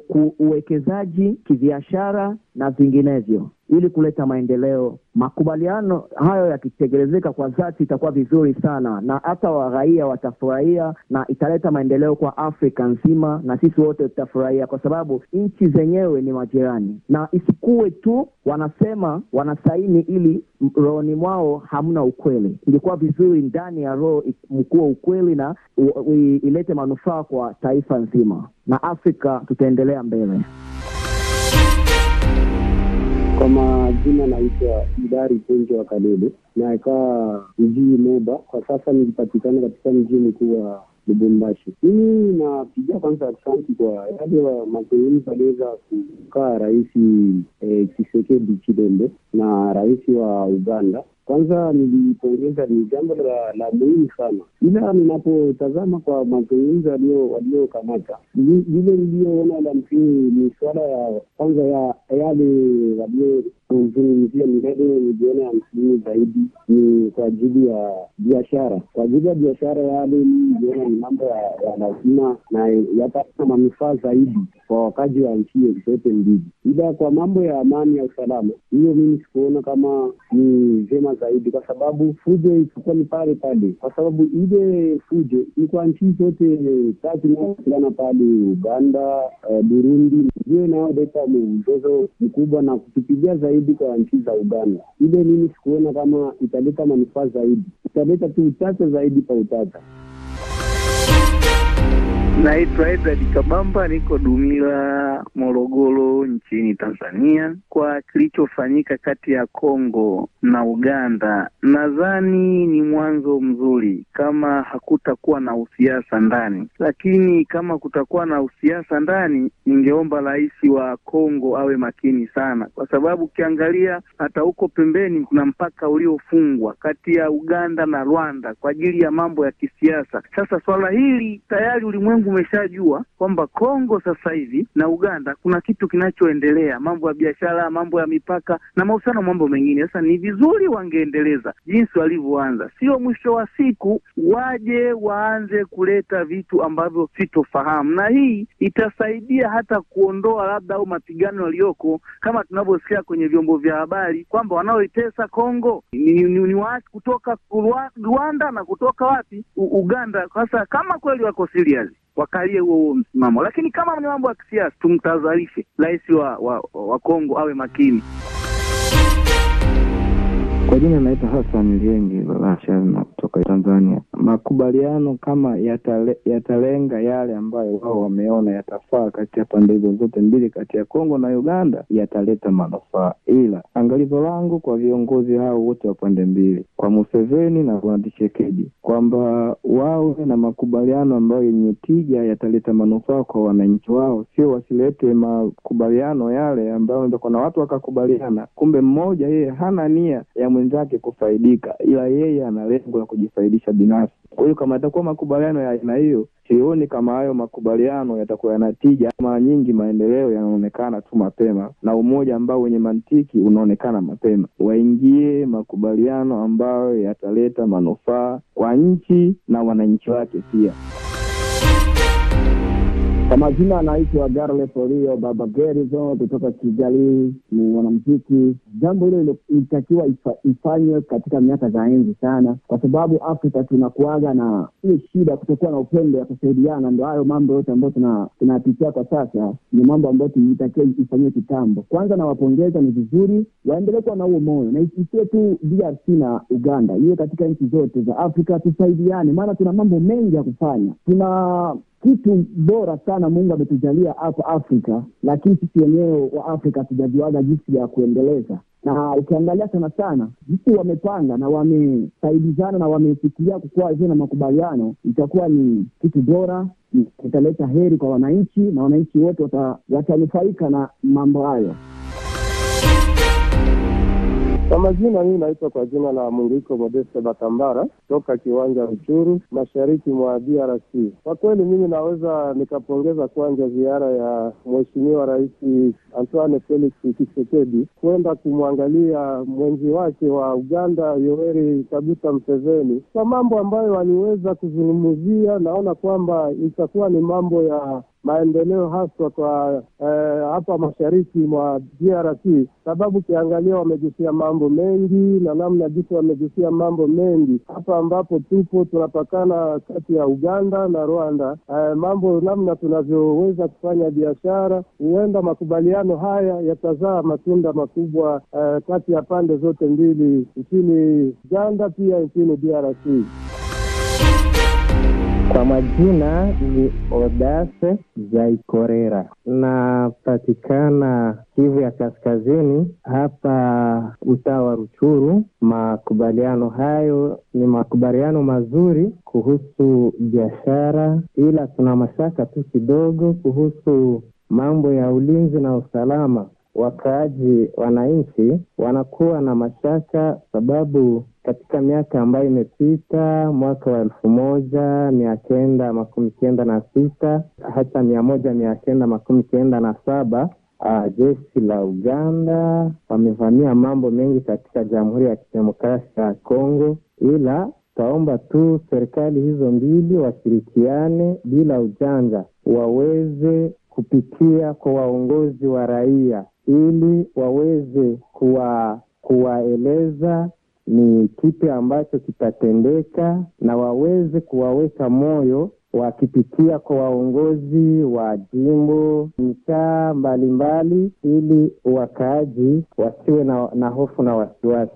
kiuwekezaji, kibiashara na vinginevyo ili kuleta maendeleo. Makubaliano hayo yakitekelezeka kwa dhati, itakuwa vizuri sana, na hata waraia watafurahia na italeta maendeleo kwa Afrika nzima, na sisi wote tutafurahia, kwa sababu nchi zenyewe ni majirani, na isikuwe tu wanasema wanasaini ili rohoni mwao hamna ukweli. Ingekuwa vizuri ndani ya roho mkuwa ukweli na u, u, ilete manufaa kwa taifa nzima, na Afrika tutaendelea mbele. Kwa majina naitwa Idari Punje wa Kalele, nakaa mjii Moba. Kwa sasa nilipatikana katika mji mkuu wa Lubumbashi. Mimi napiga kwanza asanti kwa yale mazungumzo aliweza kukaa Rais eh, Tshisekedi Chilombo na rais wa Uganda kwanza nilipongeza, ni jambo la, la muhimu sana, ila ninapotazama kwa mazungumzo waliokamata, lile niliyoona la msingi ni suala ya kwanza ya yale waliozungumzia milele, niliona ya msingi zaidi ni kwa ajili ya biashara. Kwa ajili ya biashara, yale niliona ni mambo ya lazima na yapata manufaa zaidi kwa wakaji wa nchi zote mbili, ila kwa mambo ya amani ya usalama, hiyo mimi sikuona kama ni vyema sana zaidi, kwa sababu fujo ilikuwa ni pale pale, kwa sababu ile fujo ni kwa nchi zote tatu inaoshindana pale Uganda, uh, Burundi ndio inayoleta mzozo mkubwa na kutupigia zaidi kwa nchi za Uganda. Ile mimi sikuona kama italeta manufaa zaidi, italeta tu utata zaidi pa utata. Naitwa Edward Kabamba, niko Dumila, Morogoro, nchini Tanzania. Kwa kilichofanyika kati ya Kongo na Uganda, nadhani ni mwanzo mzuri kama hakutakuwa na usiasa ndani, lakini kama kutakuwa na usiasa ndani, ningeomba rais wa Kongo awe makini sana, kwa sababu ukiangalia hata huko pembeni kuna mpaka uliofungwa kati ya Uganda na Rwanda kwa ajili ya mambo ya kisiasa. Sasa swala hili tayari ulimwengu umeshajua kwamba Kongo sasa hivi na Uganda kuna kitu kinachoendelea, mambo ya biashara, mambo ya mipaka na mahusiano, mambo mengine. Sasa ni vizuri wangeendeleza jinsi walivyoanza, sio mwisho wa siku waje waanze kuleta vitu ambavyo sitofahamu, na hii itasaidia hata kuondoa labda au mapigano yaliyoko, kama tunavyosikia kwenye vyombo vya habari kwamba wanaoitesa Kongo ni, ni, ni watu kutoka Rwanda na kutoka wapi Uganda. Sasa kama kweli wako serious wakalie huo huo msimamo, lakini kama ni mambo ya kisiasa tumtazalishe rais wa, wa, wa Kongo awe makini jina naitwa Hassan Liengi Balashazma kutoka Tanzania. Makubaliano kama yatale, yatalenga yale ambayo wao wameona yatafaa kati ya pande hizo zote mbili, kati ya Kongo na Uganda, yataleta manufaa, ila angalizo langu kwa viongozi hao wote wa pande mbili, kwa Museveni na bwana Tshisekedi, kwamba wawe na makubaliano ambayo yenye tija, yataleta manufaa kwa wananchi wao, sio wasilete makubaliano yale ambayo kuna watu wakakubaliana, kumbe mmoja yeye hana nia ya mwenzi wenzake kufaidika, ila yeye ana lengo la kujifaidisha binafsi. Kwa hiyo kama yatakuwa makubaliano ya aina hiyo, sioni kama hayo makubaliano yatakuwa yana tija. Mara nyingi maendeleo yanaonekana tu mapema na umoja ambao wenye mantiki unaonekana mapema. Waingie makubaliano ambayo yataleta manufaa kwa nchi na wananchi wake pia. Kwa majina anaitwa Garle Olio Baba Gerizo kutoka Kigali, ni mwanamziki Jambo hilo ilitakiwa ifanywe katika miaka za enzi sana, kwa sababu Afrika tunakuaga na hii shida kutokuwa na upendo ya kusaidiana. Ndo hayo mambo yote ambayo tunapitia kwa sasa, ni mambo ambayo ilitakiwa ifanyiwe kitambo. Kwanza nawapongeza, ni vizuri waendelee kuwa na huo moyo, na isiwe tu DRC na Uganda, iwe katika nchi zote za Afrika, tusaidiane, maana tuna mambo mengi ya kufanya, tuna kitu bora sana Mungu ametujalia hapa Afrika, lakini sisi wenyewe wa Afrika hatujajuaga jinsi ya kuendeleza na ukiangalia sana sana jinsi wamepanga na wamesaidizana na wamefikiria kukuwa hivyo na makubaliano, itakuwa ni kitu bora, italeta heri kwa wananchi na wananchi wote watanufaika na mambo hayo. Kwa majina, mii naitwa kwa jina la Munguiko Modeste Batambara toka kiwanja Ruchuru, mashariki mwa DRC. Kwa kweli, mimi naweza nikapongeza kwanja ziara ya Mheshimiwa Rais Antoine Felix Tshisekedi kwenda kumwangalia mwenzi wake wa Uganda Yoweri Kaguta Museveni kwa mambo ambayo aliweza kuzungumzia. Naona kwamba itakuwa ni mambo ya maendeleo haswa kwa eh, hapa mashariki mwa DRC, sababu ukiangalia wamegusia mambo mengi na namna jinsi wamegusia mambo mengi hapa ambapo tupo tunapakana kati ya Uganda na Rwanda. Eh, mambo namna tunavyoweza kufanya biashara, huenda makubaliano haya yatazaa matunda makubwa eh, kati ya pande zote mbili, nchini Uganda pia nchini DRC. Kwa majina ni Odase Zaikorera, napatikana Kivu ya Kaskazini, hapa mtaa wa Ruchuru. Makubaliano hayo ni makubaliano mazuri kuhusu biashara, ila tuna mashaka tu kidogo kuhusu mambo ya ulinzi na usalama wakaaji, wananchi wanakuwa na mashaka, sababu katika miaka ambayo imepita, mwaka wa elfu moja mia kenda makumi kenda na sita hata mia moja mia kenda makumi kenda na saba Uh, jeshi la Uganda wamevamia mambo mengi katika Jamhuri ya Kidemokrasia ya Kongo, ila taomba tu serikali hizo mbili washirikiane bila ujanja, waweze kupitia kwa waongozi wa raia ili waweze kuwa kuwaeleza ni kipi ambacho kitatendeka na waweze kuwaweka moyo wakipitia kwa waongozi wa jimbo mitaa mbalimbali, ili wakaaji wasiwe na, na hofu na wasiwasi.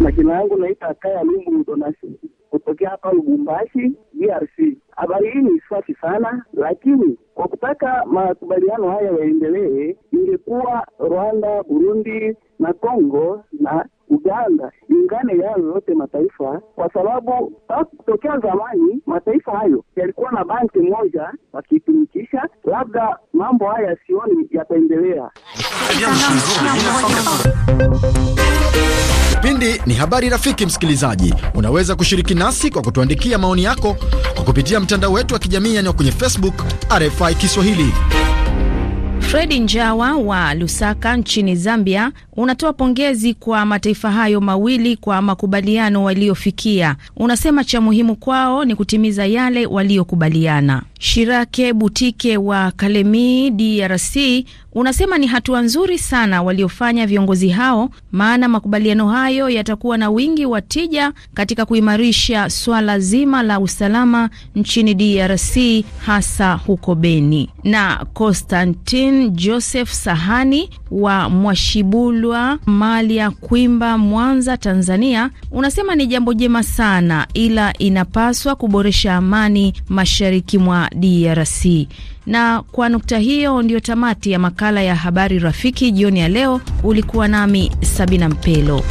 Majina yangu naita Akaya Lungu Donasi kutokea hapa Lubumbashi, DRC. Habari hii ni safi sana, lakini kwa kutaka makubaliano haya yaendelee, ingekuwa Rwanda, Burundi na congo na Uganda iungane yayo yote mataifa, kwa sababu kutokea zamani mataifa hayo yalikuwa na banki moja wakiitumikisha. Labda mambo haya sioni yataendelea. Eh, Kipindi ni habari rafiki. Msikilizaji, unaweza kushiriki nasi kwa kutuandikia maoni yako kwa kupitia mtandao wetu wa kijamii yani kwenye Facebook RFI Kiswahili. Fredi Njawa wa Lusaka nchini Zambia unatoa pongezi kwa mataifa hayo mawili kwa makubaliano waliofikia. Unasema cha muhimu kwao ni kutimiza yale waliokubaliana. Shirake Butike wa Kalemi, DRC, unasema ni hatua nzuri sana waliofanya viongozi hao, maana makubaliano hayo yatakuwa na wingi wa tija katika kuimarisha swala zima la usalama nchini DRC, hasa huko Beni. Na Konstantin Joseph Sahani wa Mwashibulwa, Malia Kwimba, Mwanza, Tanzania, unasema ni jambo jema sana, ila inapaswa kuboresha amani mashariki mwa DRC. Na kwa nukta hiyo ndiyo tamati ya makala ya habari rafiki jioni ya leo. Ulikuwa nami Sabina Mpelo.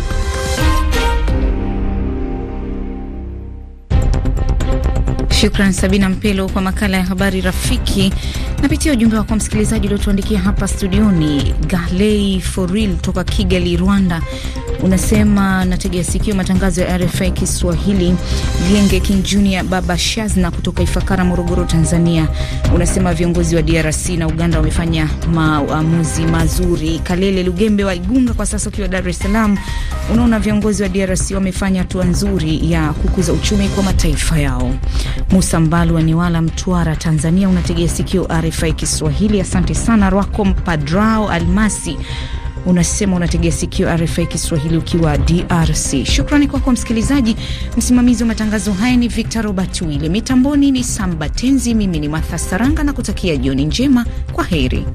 Shukran Sabina Mpelo kwa makala ya habari rafiki. Napitia ujumbe wako msikilizaji uliotuandikia hapa studioni. Galei Foril toka Kigali, Rwanda, unasema nategea sikio matangazo ya RFI Kiswahili. Genge King Junior Baba Shazna kutoka Ifakara, Morogoro, Tanzania, unasema viongozi wa DRC na Uganda wamefanya maamuzi mazuri. Kalele Lugembe wa Igunga, kwa sasa ukiwa Dar es Salaam, unaona viongozi wa DRC wamefanya hatua nzuri ya kukuza uchumi kwa mataifa yao. Musa Mbalu wa Niwala, Mtwara, Tanzania, unategea sikio RFI Kiswahili. Asante sana Rwako Mpadrao Almasi unasema unategea sikio RFI Kiswahili ukiwa DRC. Shukrani kwako kwa msikilizaji. Msimamizi wa matangazo haya ni Victor Robert Wille, mitamboni ni Samba Tenzi, mimi ni Matha Saranga na kutakia jioni njema. Kwa heri.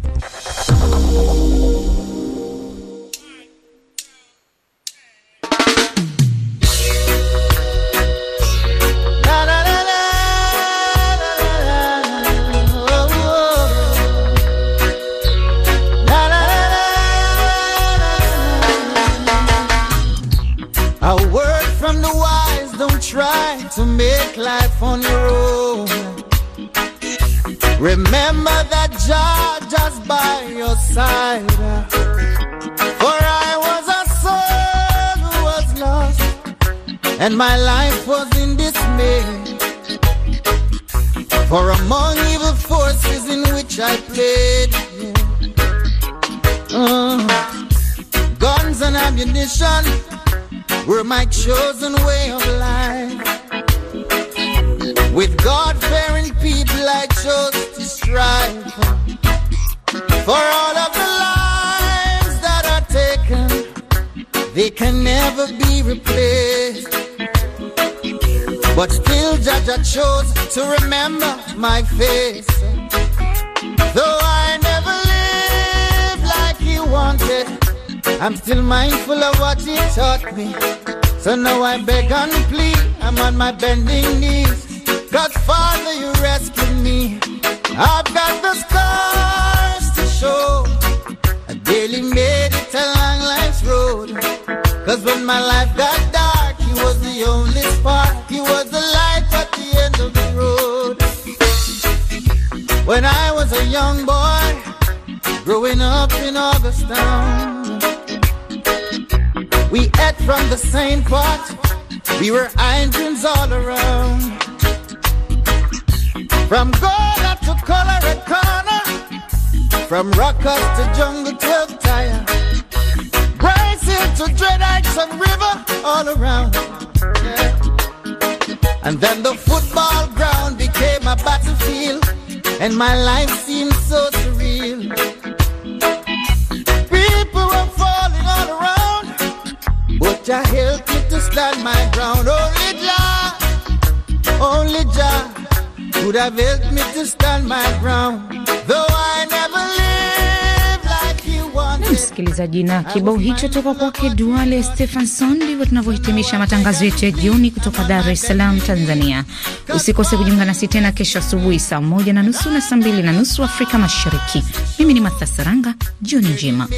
But still, Jaja chose to remember my face. Though I never lived like he wanted, I'm still mindful of what he taught me. So now I beg and plead, I'm on my bending knees. God, Father, you rescued me. I've got the scars to show. I daily made it a long life's road. Cause when my life got When I was a young boy, growing up in Augustown, we ate from the same pot, we were engines all around. From Gola to Colorado Corner, from Rockers to Jungle 12 Tire, Brazil to Dread and River, all around. Yeah. And then the football ground became a battlefield and my life seems so surreal. People were falling all around, but Jah helped me to stand my ground. Only Jah, only Jah could have helped me to stand my ground. Though msikilizaji, na kibao hicho toka kwake Duale Stefanson. Ndivyo tunavyohitimisha matangazo yetu ya jioni kutoka Dar es Salaam, Tanzania. Usikose kujiunga nasi tena kesho asubuhi saa moja na nusu na saa mbili na nusu Afrika Mashariki. Mimi ni Matha Saranga, jioni njema.